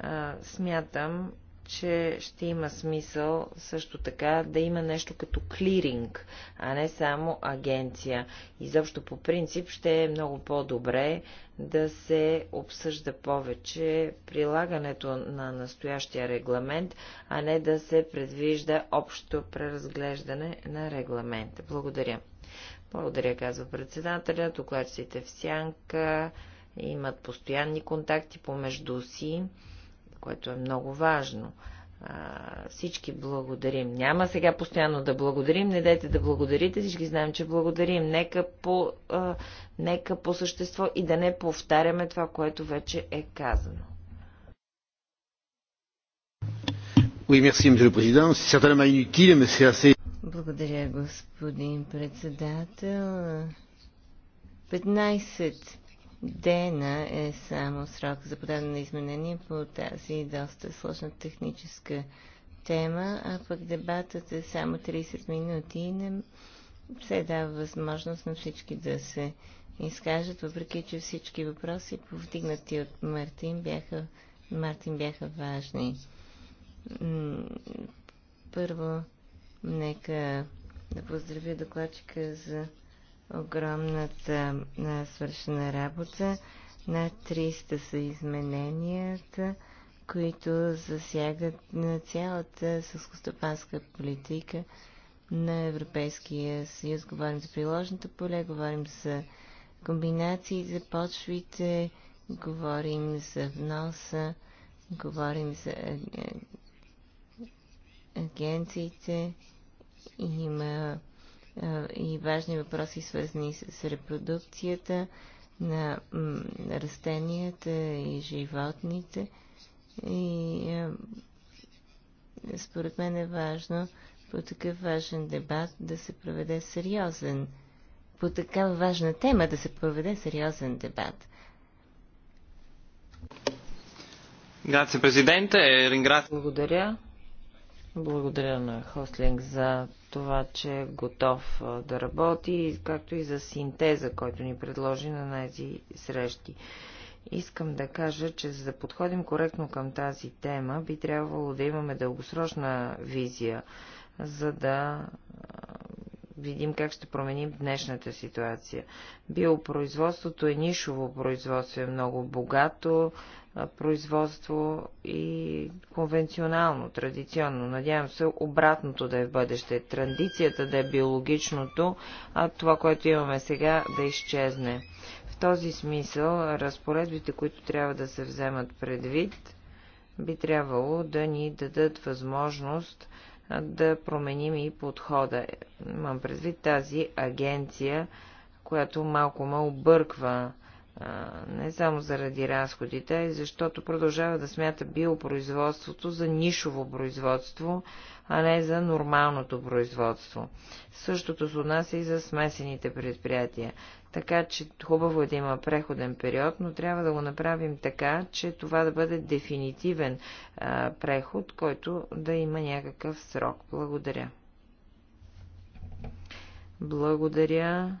А, смятам, че ще има смисъл също така да има нещо като клиринг, а не само агенция. Изобщо по принцип ще е много по-добре да се обсъжда повече прилагането на настоящия регламент, а не да се предвижда общо преразглеждане на регламента. Благодаря. Благодаря, казва председателя. Докладчиците в сянка имат постоянни контакти помежду си което е много важно. А, всички благодарим. Няма сега постоянно да благодарим, не дайте да благодарите, всички знаем, че благодарим. Нека по, а, нека по същество и да не повтаряме това, което вече е казано. Благодаря, господин председател. 15 дена е само срок за подаване на изменения по тази доста сложна техническа тема, а пък дебатът е само 30 минути и не се дава възможност на всички да се изкажат, въпреки че всички въпроси, повдигнати от Мартин, бяха, Мартин бяха важни. Първо, нека да поздравя докладчика за огромната свършена работа. Над 300 са измененията, които засягат на цялата съскостопанска политика на Европейския съюз. Говорим за приложното поле, говорим за комбинации за почвите, говорим за вноса, говорим за агенциите. Има и важни въпроси, свързани с репродукцията на растенията и животните. И според мен е важно по такъв важен дебат да се проведе сериозен, по такава важна тема да се проведе сериозен дебат. E Благодаря. Благодаря на Хослинг за това, че е готов да работи, както и за синтеза, който ни предложи на тези срещи. Искам да кажа, че за да подходим коректно към тази тема, би трябвало да имаме дългосрочна визия, за да видим как ще променим днешната ситуация. Биопроизводството е нишово производство, е много богато производство и конвенционално, традиционно. Надявам се обратното да е в бъдеще. Традицията да е биологичното, а това, което имаме сега, да изчезне. В този смисъл, разпоредбите, които трябва да се вземат предвид, би трябвало да ни дадат възможност да променим и подхода. Имам предвид тази агенция, която малко ме обърква не само заради разходите, а и защото продължава да смята биопроизводството за нишово производство, а не за нормалното производство. Същото се отнася и за смесените предприятия. Така че хубаво е да има преходен период, но трябва да го направим така, че това да бъде дефинитивен а, преход, който да има някакъв срок. Благодаря. Благодаря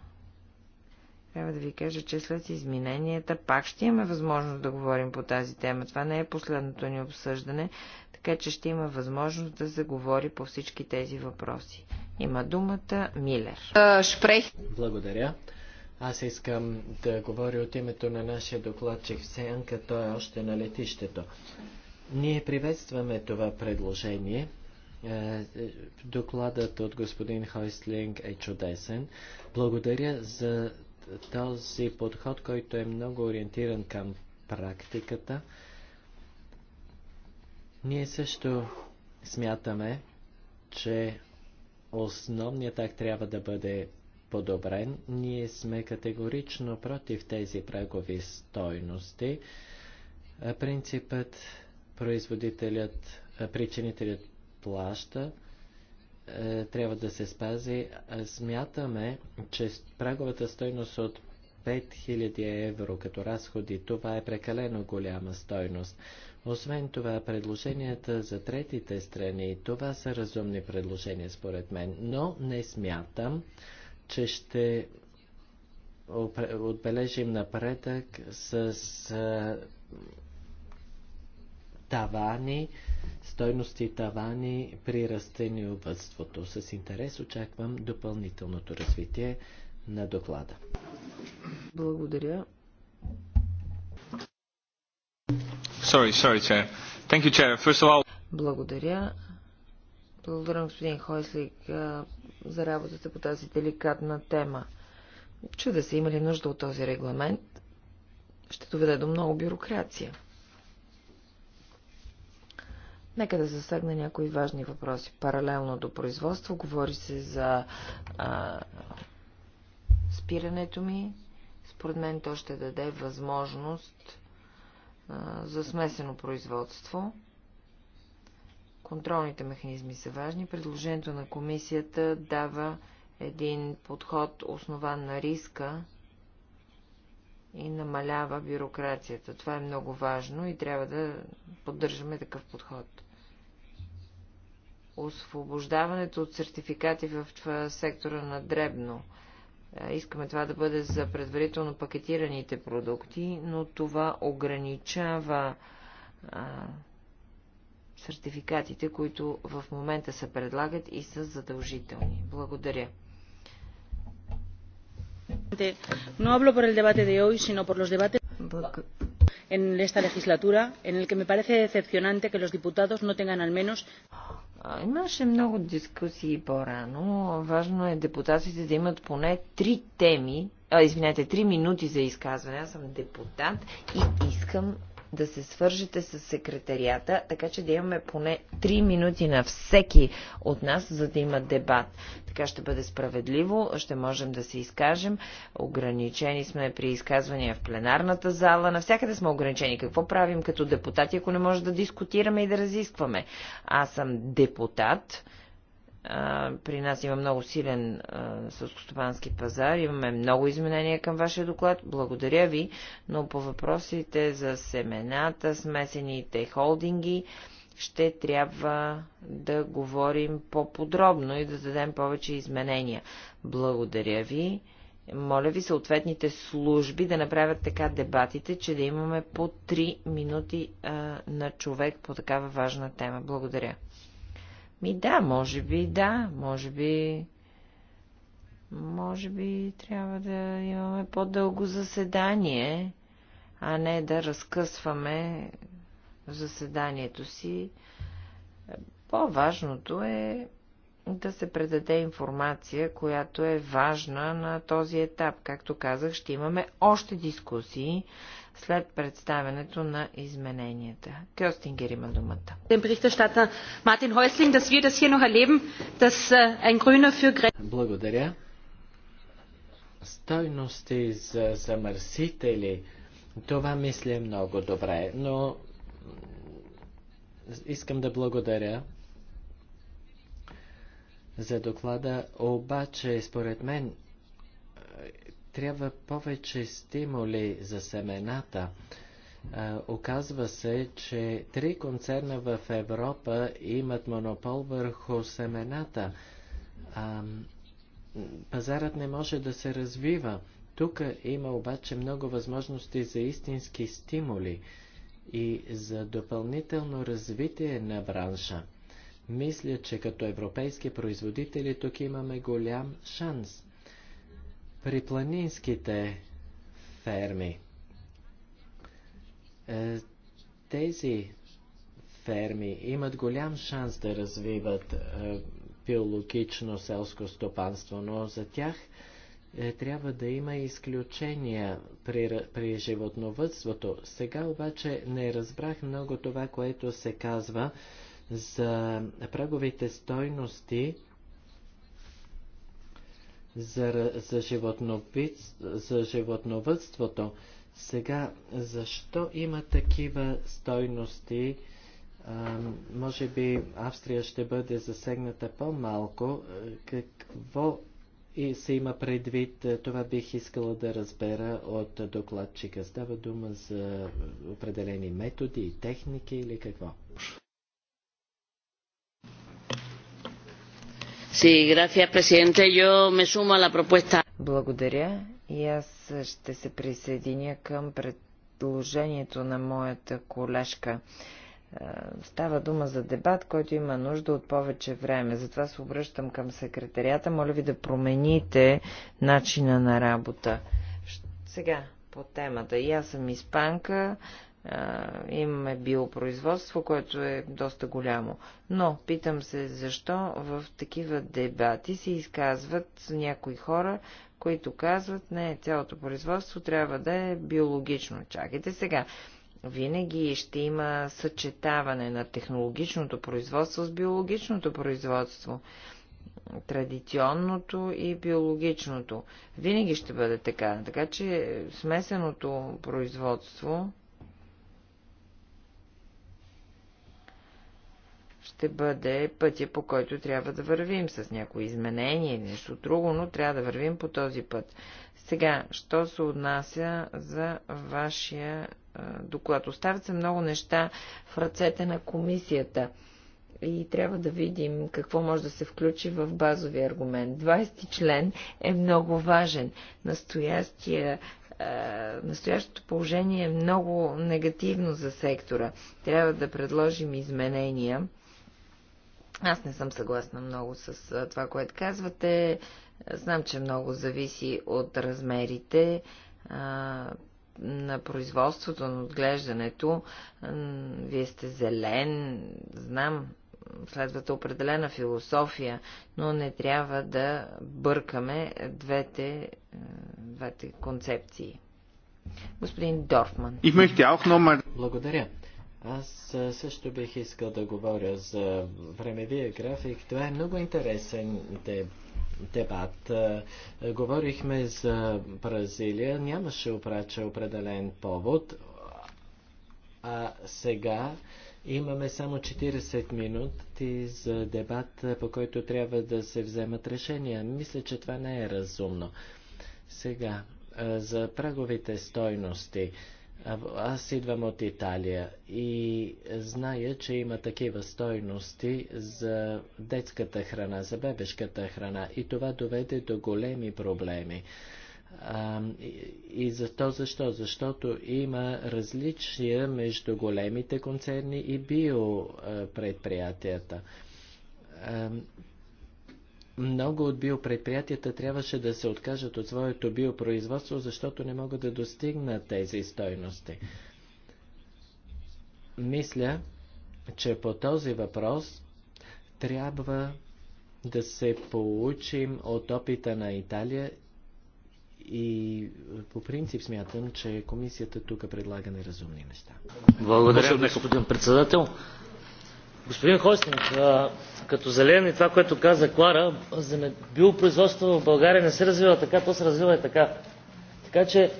трябва да ви кажа, че след измененията пак ще имаме възможност да говорим по тази тема. Това не е последното ни обсъждане, така че ще има възможност да се говори по всички тези въпроси. Има думата Милер. Шпрех. Благодаря. Аз искам да говоря от името на нашия докладчик Сеянка, той е още на летището. Ние приветстваме това предложение. Е, докладът от господин Хойслинг е чудесен. Благодаря за този подход, който е много ориентиран към практиката. Ние също смятаме, че основният акт трябва да бъде подобрен. Ние сме категорично против тези прагови стойности. Принципът производителят, причинителят плаща е, трябва да се спази. Смятаме, че праговата стойност от 5000 евро като разходи, това е прекалено голяма стойност. Освен това, предложенията за третите страни, това са разумни предложения според мен, но не смятам, че ще отбележим напредък с е, тавани, стойности и тавани при обътството. С интерес очаквам допълнителното развитие на доклада. Благодаря. Sorry, sorry, chair. Thank you, chair. First of all... Благодаря. Благодаря, господин Хойслик, за работата по тази деликатна тема. Чуда се, има ли нужда от този регламент? Ще доведе до много бюрокрация. Нека да засегна някои важни въпроси. Паралелно до производство говори се за а, спирането ми. Според мен то ще даде възможност а, за смесено производство. Контролните механизми са важни. Предложението на комисията дава един подход основан на риска и намалява бюрокрацията. Това е много важно и трябва да поддържаме такъв подход освобождаването от сертификати в сектора на дребно. Искаме това да бъде за предварително пакетираните продукти, но това ограничава а, сертификатите, които в момента се предлагат и са задължителни. Благодаря. No hablo por el debate de hoy, sino por los debates en esta legislatura, en el que me parece decepcionante que los diputados no tengan al menos Имаше много дискусии по-рано. Важно е депутатите да имат поне три теми, а, извинете, три минути за изказване. Аз съм депутат и искам да се свържете с секретарията, така че да имаме поне 3 минути на всеки от нас, за да има дебат. Така ще бъде справедливо, ще можем да се изкажем. Ограничени сме при изказвания в пленарната зала, навсякъде сме ограничени. Какво правим като депутати, ако не може да дискутираме и да разискваме? Аз съм депутат при нас има много силен сълскостопански пазар, имаме много изменения към вашия доклад. Благодаря ви, но по въпросите за семената, смесените холдинги, ще трябва да говорим по-подробно и да дадем повече изменения. Благодаря ви. Моля ви съответните служби да направят така дебатите, че да имаме по 3 минути а, на човек по такава важна тема. Благодаря. Ми да, може би да, може би... Може би трябва да имаме по-дълго заседание, а не да разкъсваме заседанието си. По-важното е да се предаде информация, която е важна на този етап. Както казах, ще имаме още дискусии след представянето на измененията. Кьостингер има думата. Äh, благодаря. Стойности за замърсители, това мисля много добре, но искам да благодаря за доклада, обаче според мен трябва повече стимули за семената. Оказва се, че три концерна в Европа имат монопол върху семената. А, пазарът не може да се развива. Тук има обаче много възможности за истински стимули и за допълнително развитие на бранша. Мисля, че като европейски производители тук имаме голям шанс при планинските ферми. Е, тези ферми имат голям шанс да развиват е, биологично селско стопанство, но за тях е, трябва да има изключения при, при животновътството. Сега обаче не разбрах много това, което се казва за праговите стойности за, за, за животновътството. Сега, защо има такива стойности? А, може би Австрия ще бъде засегната по-малко. Какво и се има предвид, това бих искала да разбера от докладчика. Става дума за определени методи и техники или какво? Благодаря. И аз ще се присъединя към предложението на моята колежка. Е, става дума за дебат, който има нужда от повече време. Затова се обръщам към секретарията. Моля ви да промените начина на работа. Сега по темата. И аз съм испанка, имаме биопроизводство, което е доста голямо. Но питам се защо в такива дебати се изказват някои хора, които казват, не, цялото производство трябва да е биологично. Чакайте сега. Винаги ще има съчетаване на технологичното производство с биологичното производство. Традиционното и биологичното. Винаги ще бъде така. Така че смесеното производство ще бъде пътя, по който трябва да вървим, с някои изменения или нещо друго, но трябва да вървим по този път. Сега, що се отнася за вашия доклад? Остават се много неща в ръцете на комисията и трябва да видим какво може да се включи в базовия аргумент. 20 ти член е много важен. Настоящия настоящото положение е много негативно за сектора. Трябва да предложим изменения, аз не съм съгласна много с това, което казвате. Знам, че много зависи от размерите на производството, на отглеждането. Вие сте зелен, знам, следвате определена философия, но не трябва да бъркаме двете, двете концепции. Господин Дорфман. Благодаря. Аз също бих искал да говоря за времевия график. Това е много интересен дебат. Говорихме за Бразилия. Нямаше опрача определен повод. А сега имаме само 40 минути за дебат, по който трябва да се вземат решения. Мисля, че това не е разумно. Сега, за праговите стойности. Аз идвам от Италия и зная, че има такива стойности за детската храна, за бебешката храна и това доведе до големи проблеми. и, и за то защо? Защото има различия между големите концерни и биопредприятията. Много от биопредприятията трябваше да се откажат от своето биопроизводство, защото не могат да достигнат тези стойности. Мисля, че по този въпрос трябва да се получим от опита на Италия и по принцип смятам, че комисията тук предлага неразумни неща. Благодаря, господин председател. Господин Хостинг, като зелен и това, което каза Клара, за производство в България не се развива така, то се развива и така. Така че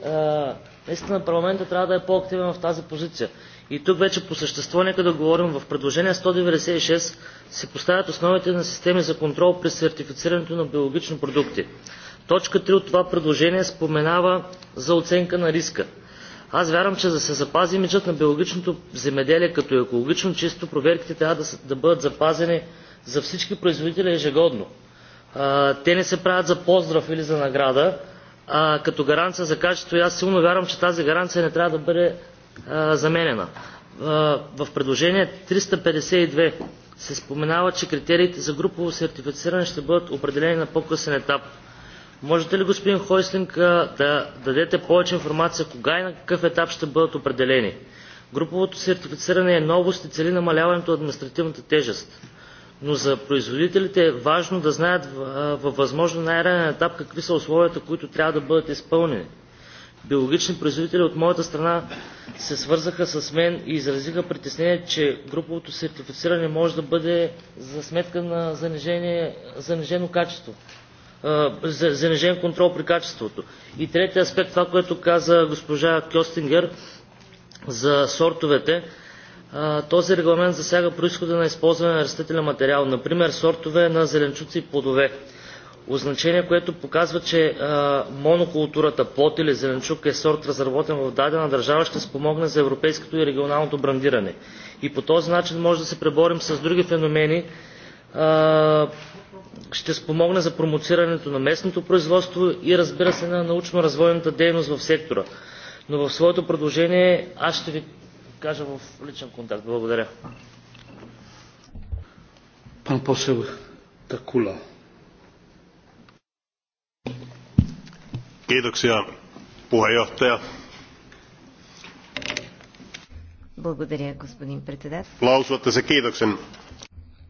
наистина парламента трябва да е по-активен в тази позиция. И тук вече по същество нека да говорим. В предложение 196 се поставят основите на системи за контрол при сертифицирането на биологични продукти. Точка 3 от това предложение споменава за оценка на риска. Аз вярвам, че за да се запази имиджът на биологичното земеделие като екологично чисто, проверките трябва да, да бъдат запазени за всички производители ежегодно. А, те не се правят за поздрав или за награда, а като гаранция за качество и аз силно вярвам, че тази гаранция не трябва да бъде а, заменена. А, в предложение 352 се споменава, че критериите за групово сертифициране ще бъдат определени на по-късен етап. Можете ли, господин Хойслинг, да дадете повече информация кога и на какъв етап ще бъдат определени? Груповото сертифициране е новост и цели намаляването на административната тежест. Но за производителите е важно да знаят във възможно най-ранен етап какви са условията, които трябва да бъдат изпълнени. Биологични производители от моята страна се свързаха с мен и изразиха притеснение, че груповото сертифициране може да бъде за сметка на занижено качество занижен контрол при качеството. И третия аспект, това, което каза госпожа Кьостингер за сортовете, този регламент засяга происхода на използване на растителен материал, например сортове на зеленчуци и плодове. Означение, което показва, че монокултурата плод или зеленчук е сорт разработен в дадена държава, ще спомогне за европейското и регионалното брандиране. И по този начин може да се преборим с други феномени, ще спомогне за промоцирането на местното производство и разбира се на научно-развойната дейност в сектора. Но в своето предложение аз ще ви кажа в личен контакт. Благодаря. Пан посел Такула. Кейдоксия, пухайохтея. Благодаря, господин председател. Lausua за кейдоксен.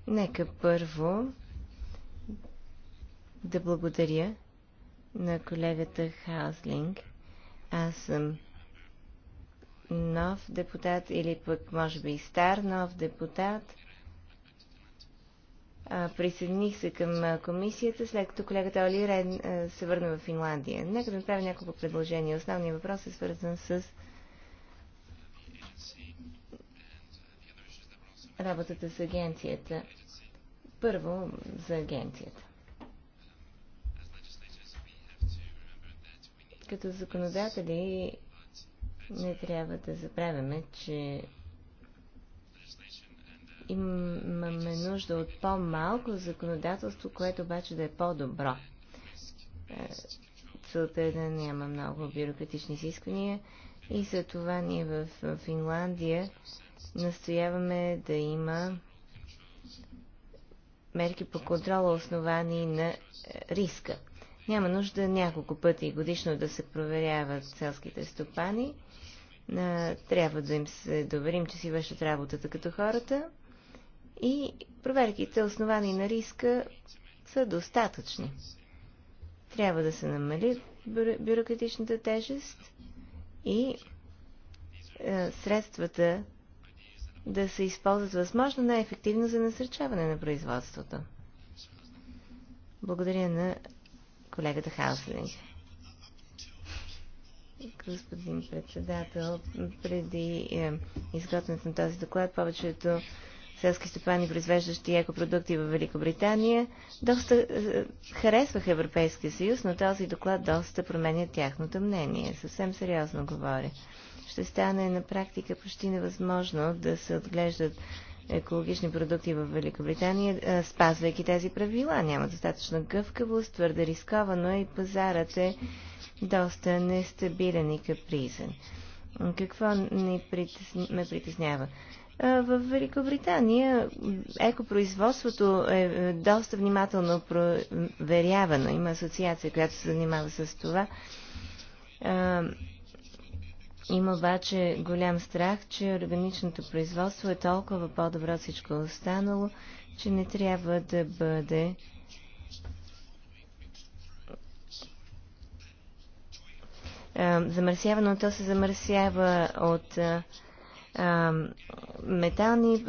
Нека първо да благодаря на колегата Хаузлинг, Аз съм нов депутат или пък може би стар нов депутат. Присъединих се към комисията, след като колегата Оли Рен се върна в Финландия. Нека да направя няколко предложения. Основният въпрос е свързан с работата с агенцията. Първо за агенцията. като законодатели не трябва да забравяме, че имаме нужда от по-малко законодателство, което обаче да е по-добро. Е, целта е да няма много бюрократични изисквания и за това ние в Финландия настояваме да има мерки по контрола, основани на риска. Няма нужда няколко пъти годишно да се проверяват селските стопани. Трябва да им се доверим, че си вършат работата като хората. И проверките, основани на риска, са достатъчни. Трябва да се намали бюрократичната тежест и средствата да се използват възможно най-ефективно за насърчаване на производството. Благодаря на колегата Хауслинг. Господин председател, преди е, изготвянето на този доклад, повечето селски стопани, произвеждащи екопродукти в Великобритания, доста е, Европейския съюз, но този доклад доста променя тяхното мнение. Съвсем сериозно говоря. Ще стане на практика почти невъзможно да се отглеждат екологични продукти в Великобритания, спазвайки тези правила. Няма достатъчно гъвкавост, твърде рисковано е и пазарът е доста нестабилен и капризен. Какво ни притес... ме притеснява? В Великобритания екопроизводството е, е доста внимателно проверявано. Има асоциация, която се занимава с това. Има обаче голям страх, че органичното производство е толкова по-добро от всичко останало, че не трябва да бъде замърсявано. То се замърсява от метални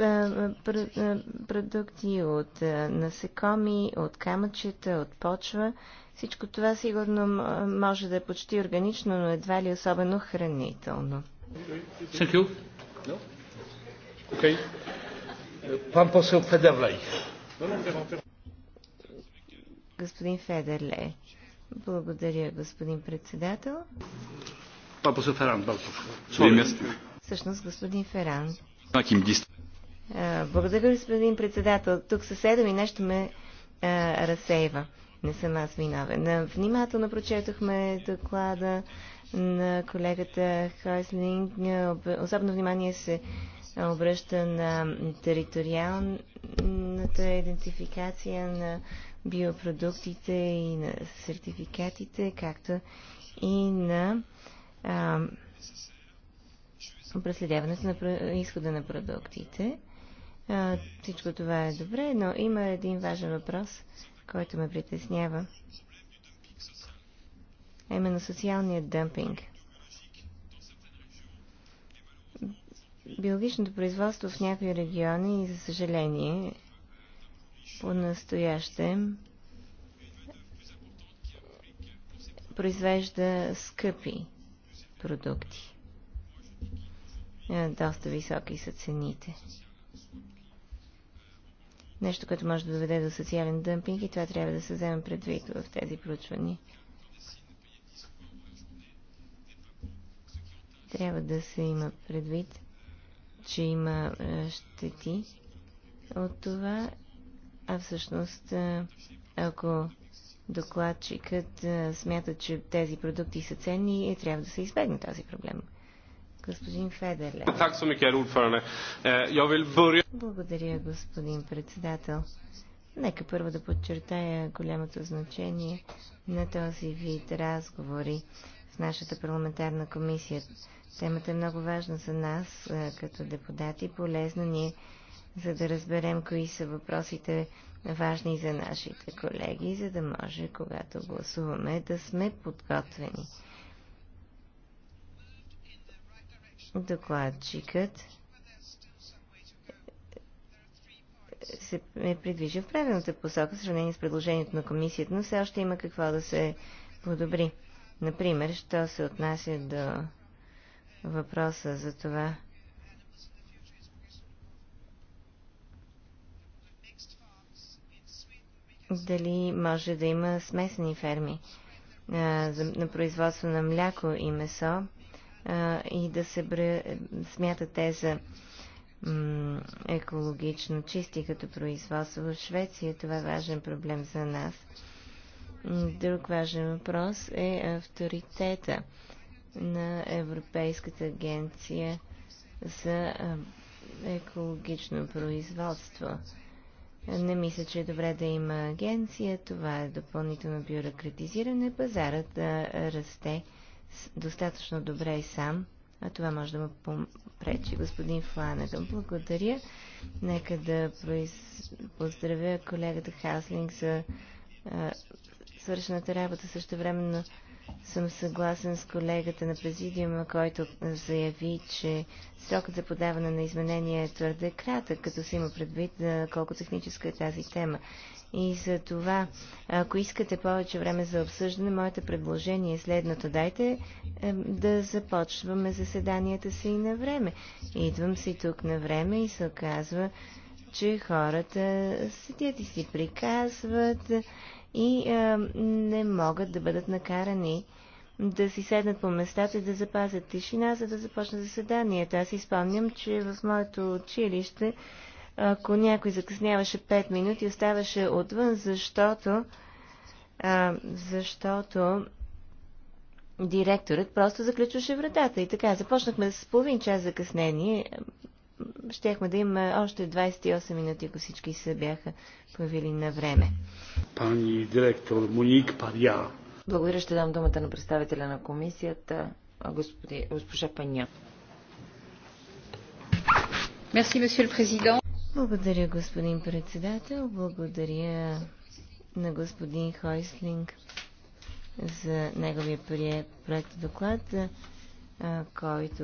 продукти, от насекоми, от камъчета, от почва. Всичко това сигурно може да е почти органично, но едва ли особено хранително. Thank you. No? Okay. Пан Федерлей. Господин Федерлей. Благодаря, господин председател. Пан посел Феран, Всъщност, господин Феран. Благодаря, господин председател. Тук съседа ми нещо ме а, разсейва не съм аз виновен. Внимателно прочетохме доклада на колегата Хайслинг. Особено внимание се обръща на териториалната идентификация на биопродуктите и на сертификатите, както и на а, проследяването на изхода на продуктите. А, всичко това е добре, но има един важен въпрос, който ме притеснява, а именно социалният дъмпинг. Биологичното производство в някои региони, за съжаление, по настояще произвежда скъпи продукти. Е, доста високи са цените нещо, което може да доведе до социален дъмпинг и това трябва да се вземе предвид в тези проучвания. Трябва да се има предвид, че има е, щети от това, а всъщност, е, ако докладчикът е, смята, че тези продукти са ценни, трябва да се избегне този проблем господин Федерле. Eh, Благодаря, господин председател. Нека първо да подчертая голямото значение на този вид разговори в нашата парламентарна комисия. Темата е много важна за нас е, като депутати. Полезно ни е, за да разберем кои са въпросите важни за нашите колеги, за да може, когато гласуваме, да сме подготвени. докладчикът се е придвижил в правилната посока в сравнение с предложението на комисията, но все още има какво да се подобри. Например, що се отнася до въпроса за това, дали може да има смесени ферми а, за, на производство на мляко и месо а, и да се бре, смята те за екологично чисти като производство в Швеция. Това е важен проблем за нас. Друг важен въпрос е авторитета на Европейската агенция за екологично производство. Не мисля, че е добре да има агенция. Това е допълнително бюрократизиране. Пазарът да расте достатъчно добре и сам, а това може да му попречи господин Фланеган. Благодаря. Нека да произ... поздравя колегата Хаслинг за а, свършената работа. Също времено съм съгласен с колегата на президиума, който заяви, че срокът за подаване на изменения е твърде кратък, като се има предвид колко техническа е тази тема. И за това, ако искате повече време за обсъждане, моето предложение е следното. Дайте да започваме заседанията си на време. Идвам си тук на време и се оказва, че хората седят и си приказват и а, не могат да бъдат накарани да си седнат по местата и да запазят тишина, за да започне заседанието. Аз изпомням, че в моето училище ако някой закъсняваше 5 минути, оставаше отвън, защото, а, защото директорът просто заключваше вратата. И така, започнахме с половин час закъснение. Щяхме да има още 28 минути, ако всички се бяха появили на време. Пани директор Моник Паря. Благодаря, ще дам думата на представителя на комисията, господи, госпожа Паня. Merci, monsieur le président. Благодаря, господин председател. Благодаря на господин Хойслинг за неговия проект доклад, който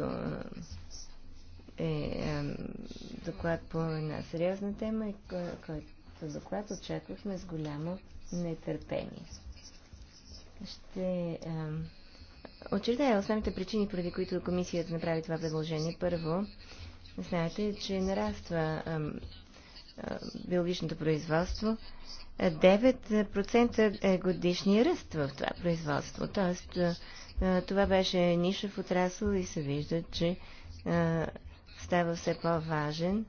е доклад по една сериозна тема и който доклад очаквахме с голямо нетърпение. Ще очертая основните причини, поради които комисията направи това предложение. Първо, Знаете, че нараства биологичното производство. 9% е годишния ръст в това производство. Тоест, това беше нишев отрасъл и се вижда, че става все по-важен.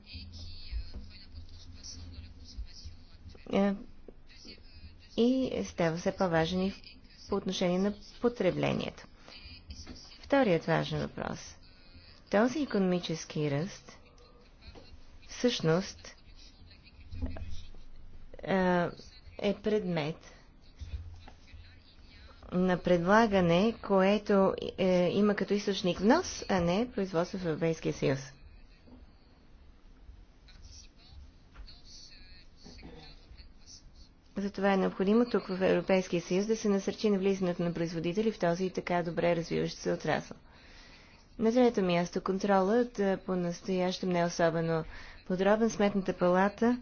И става все по-важен и по отношение на потреблението. Вторият важен въпрос – този економически ръст всъщност е предмет на предлагане, което е, има като източник внос, а не производство в Европейския съюз. Затова е необходимо тук в Европейския съюз да се насърчи навлизането на производители в този така добре развиващ се отрасъл. На трето място, контролът е, по-настоящем не е особено подробен. Сметната палата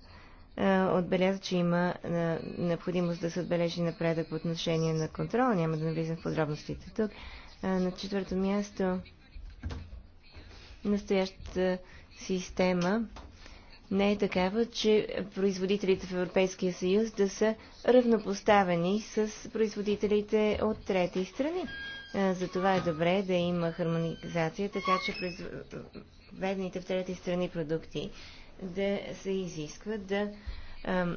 е, отбеляза, че има е, необходимост да се отбележи напредък по отношение на контрола. Няма да навлизам в подробностите тук. на четвърто място, настоящата система не е такава, че производителите в Европейския съюз да са равнопоставени с производителите от трети страни. Е, Затова е добре да има хармонизация, така че произведените в трети страни продукти да се изискват да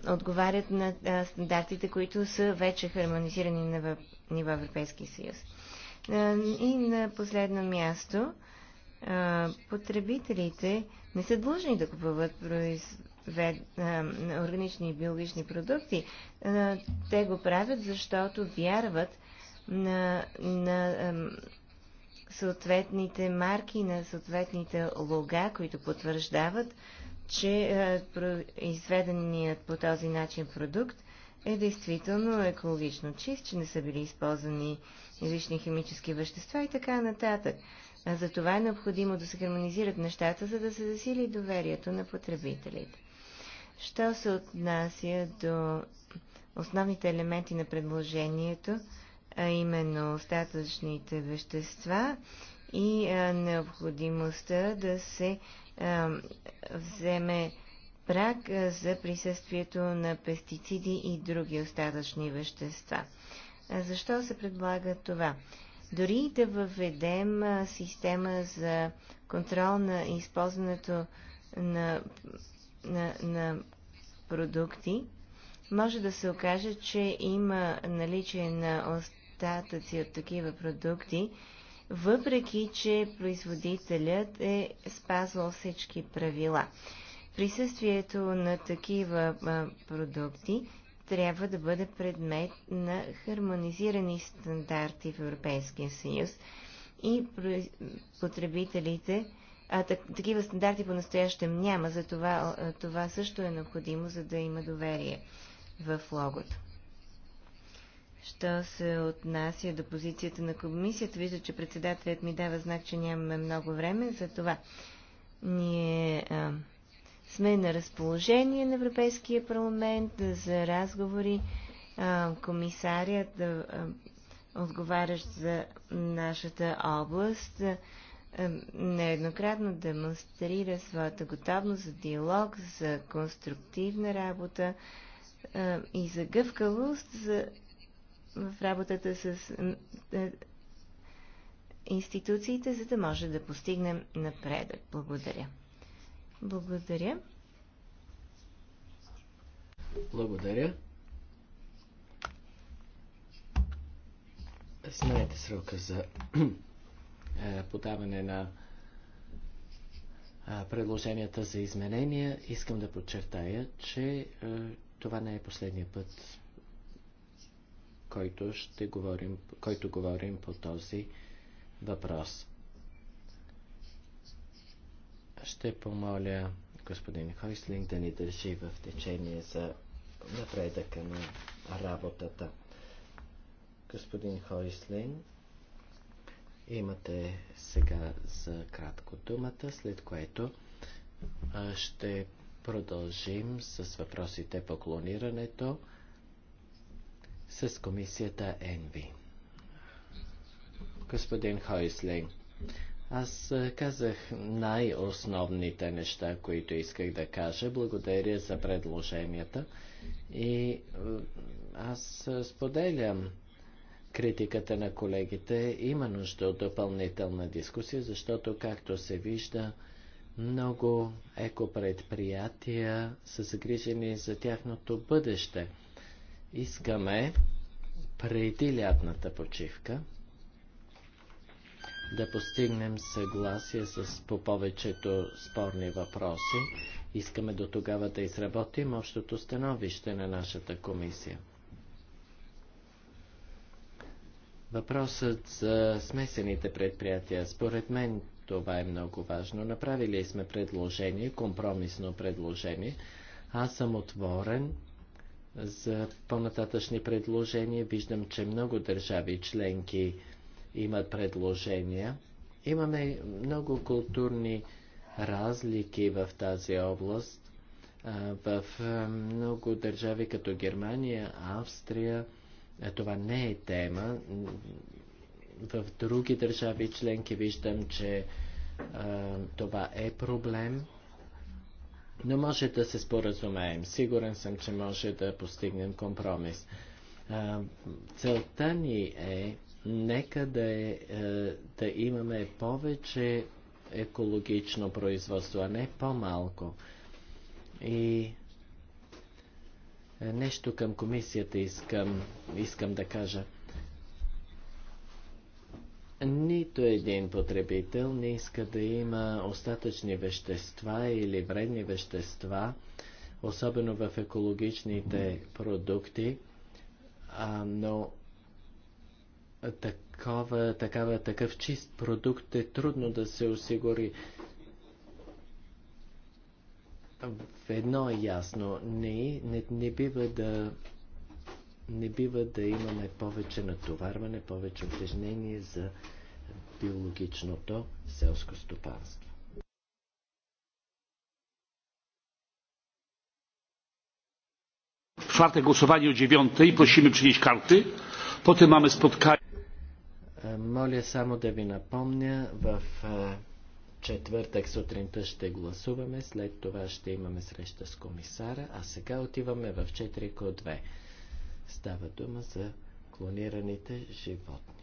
отговарят на стандартите, които са вече хармонизирани на ниво Европейски съюз. И на последно място, потребителите не са длъжни да купуват произвед... органични и биологични продукти. Те го правят, защото вярват, на, на ем, съответните марки, на съответните лога, които потвърждават, че е, изведеният по този начин продукт е действително екологично чист, че не са били използвани излишни химически вещества и така нататък. За това е необходимо да се хармонизират нещата, за да се засили доверието на потребителите. Що се отнася до основните елементи на предложението, а именно остатъчните вещества и а, необходимостта да се а, вземе прак а, за присъствието на пестициди и други остатъчни вещества. А, защо се предлага това? Дори да въведем а, система за контрол на използването на, на, на продукти, може да се окаже, че има наличие на остатъчни остатъци от такива продукти, въпреки че производителят е спазвал всички правила. Присъствието на такива продукти трябва да бъде предмет на хармонизирани стандарти в Европейския съюз и потребителите, а так, такива стандарти по-настоящем няма, Затова това също е необходимо, за да има доверие в логото. Що се отнася до позицията на комисията, вижда, че председателят ми дава знак, че нямаме много време за това. Ние а, сме на разположение на Европейския парламент за разговори. А, комисарият, а, отговарящ за нашата област, а, нееднократно демонстрира своята готовност за диалог, за конструктивна работа а, и за гъвкавост, за в работата с е, институциите, за да може да постигнем напредък. Благодаря. Благодаря. Благодаря. Знаете срока за (clears throat) е, подаване на е, предложенията за изменения. Искам да подчертая, че това не е последния път, който, ще говорим, който говорим по този въпрос. Ще помоля господин Хойслинг да ни държи в течение за напредъка на работата. Господин Хойслинг, имате сега за кратко думата, след което ще продължим с въпросите по клонирането с комисията ЕНВИ. Господин Хойслинг, аз казах най-основните неща, които исках да кажа. Благодаря за предложенията. И аз споделям критиката на колегите. Има нужда от допълнителна дискусия, защото, както се вижда, много екопредприятия са загрижени за тяхното бъдеще – Искаме преди лятната почивка да постигнем съгласие с по повечето спорни въпроси. Искаме до тогава да изработим общото становище на нашата комисия. Въпросът за смесените предприятия. Според мен това е много важно. Направили сме предложение, компромисно предложение. Аз съм отворен за по-нататъчни предложения. Виждам, че много държави членки имат предложения. Имаме много културни разлики в тази област. В много държави като Германия, Австрия, това не е тема. В други държави членки виждам, че това е проблем. Но може да се споразумеем. Сигурен съм, че може да постигнем компромис. Целта ни е, нека да, е, е, да имаме повече екологично производство, а не по-малко. И е, нещо към комисията искам, искам да кажа. Нито един потребител не иска да има остатъчни вещества или вредни вещества, особено в екологичните продукти, а, но такова, такава, такъв чист продукт е трудно да се осигури. Едно е ясно, не, не, не бива да не бива да имаме повече натоварване, повече утежнение за биологичното селско стопанство. czwartek głosowanie o dziewiątej. Prosimy przynieść karty. Potem mamy spotkanie. Е, моля само да ви напомня, в е, четвъртък сутринта ще гласуваме, след това ще имаме среща с комисара, а сега отиваме в 4 ко 2. Става дума за клонираните животни.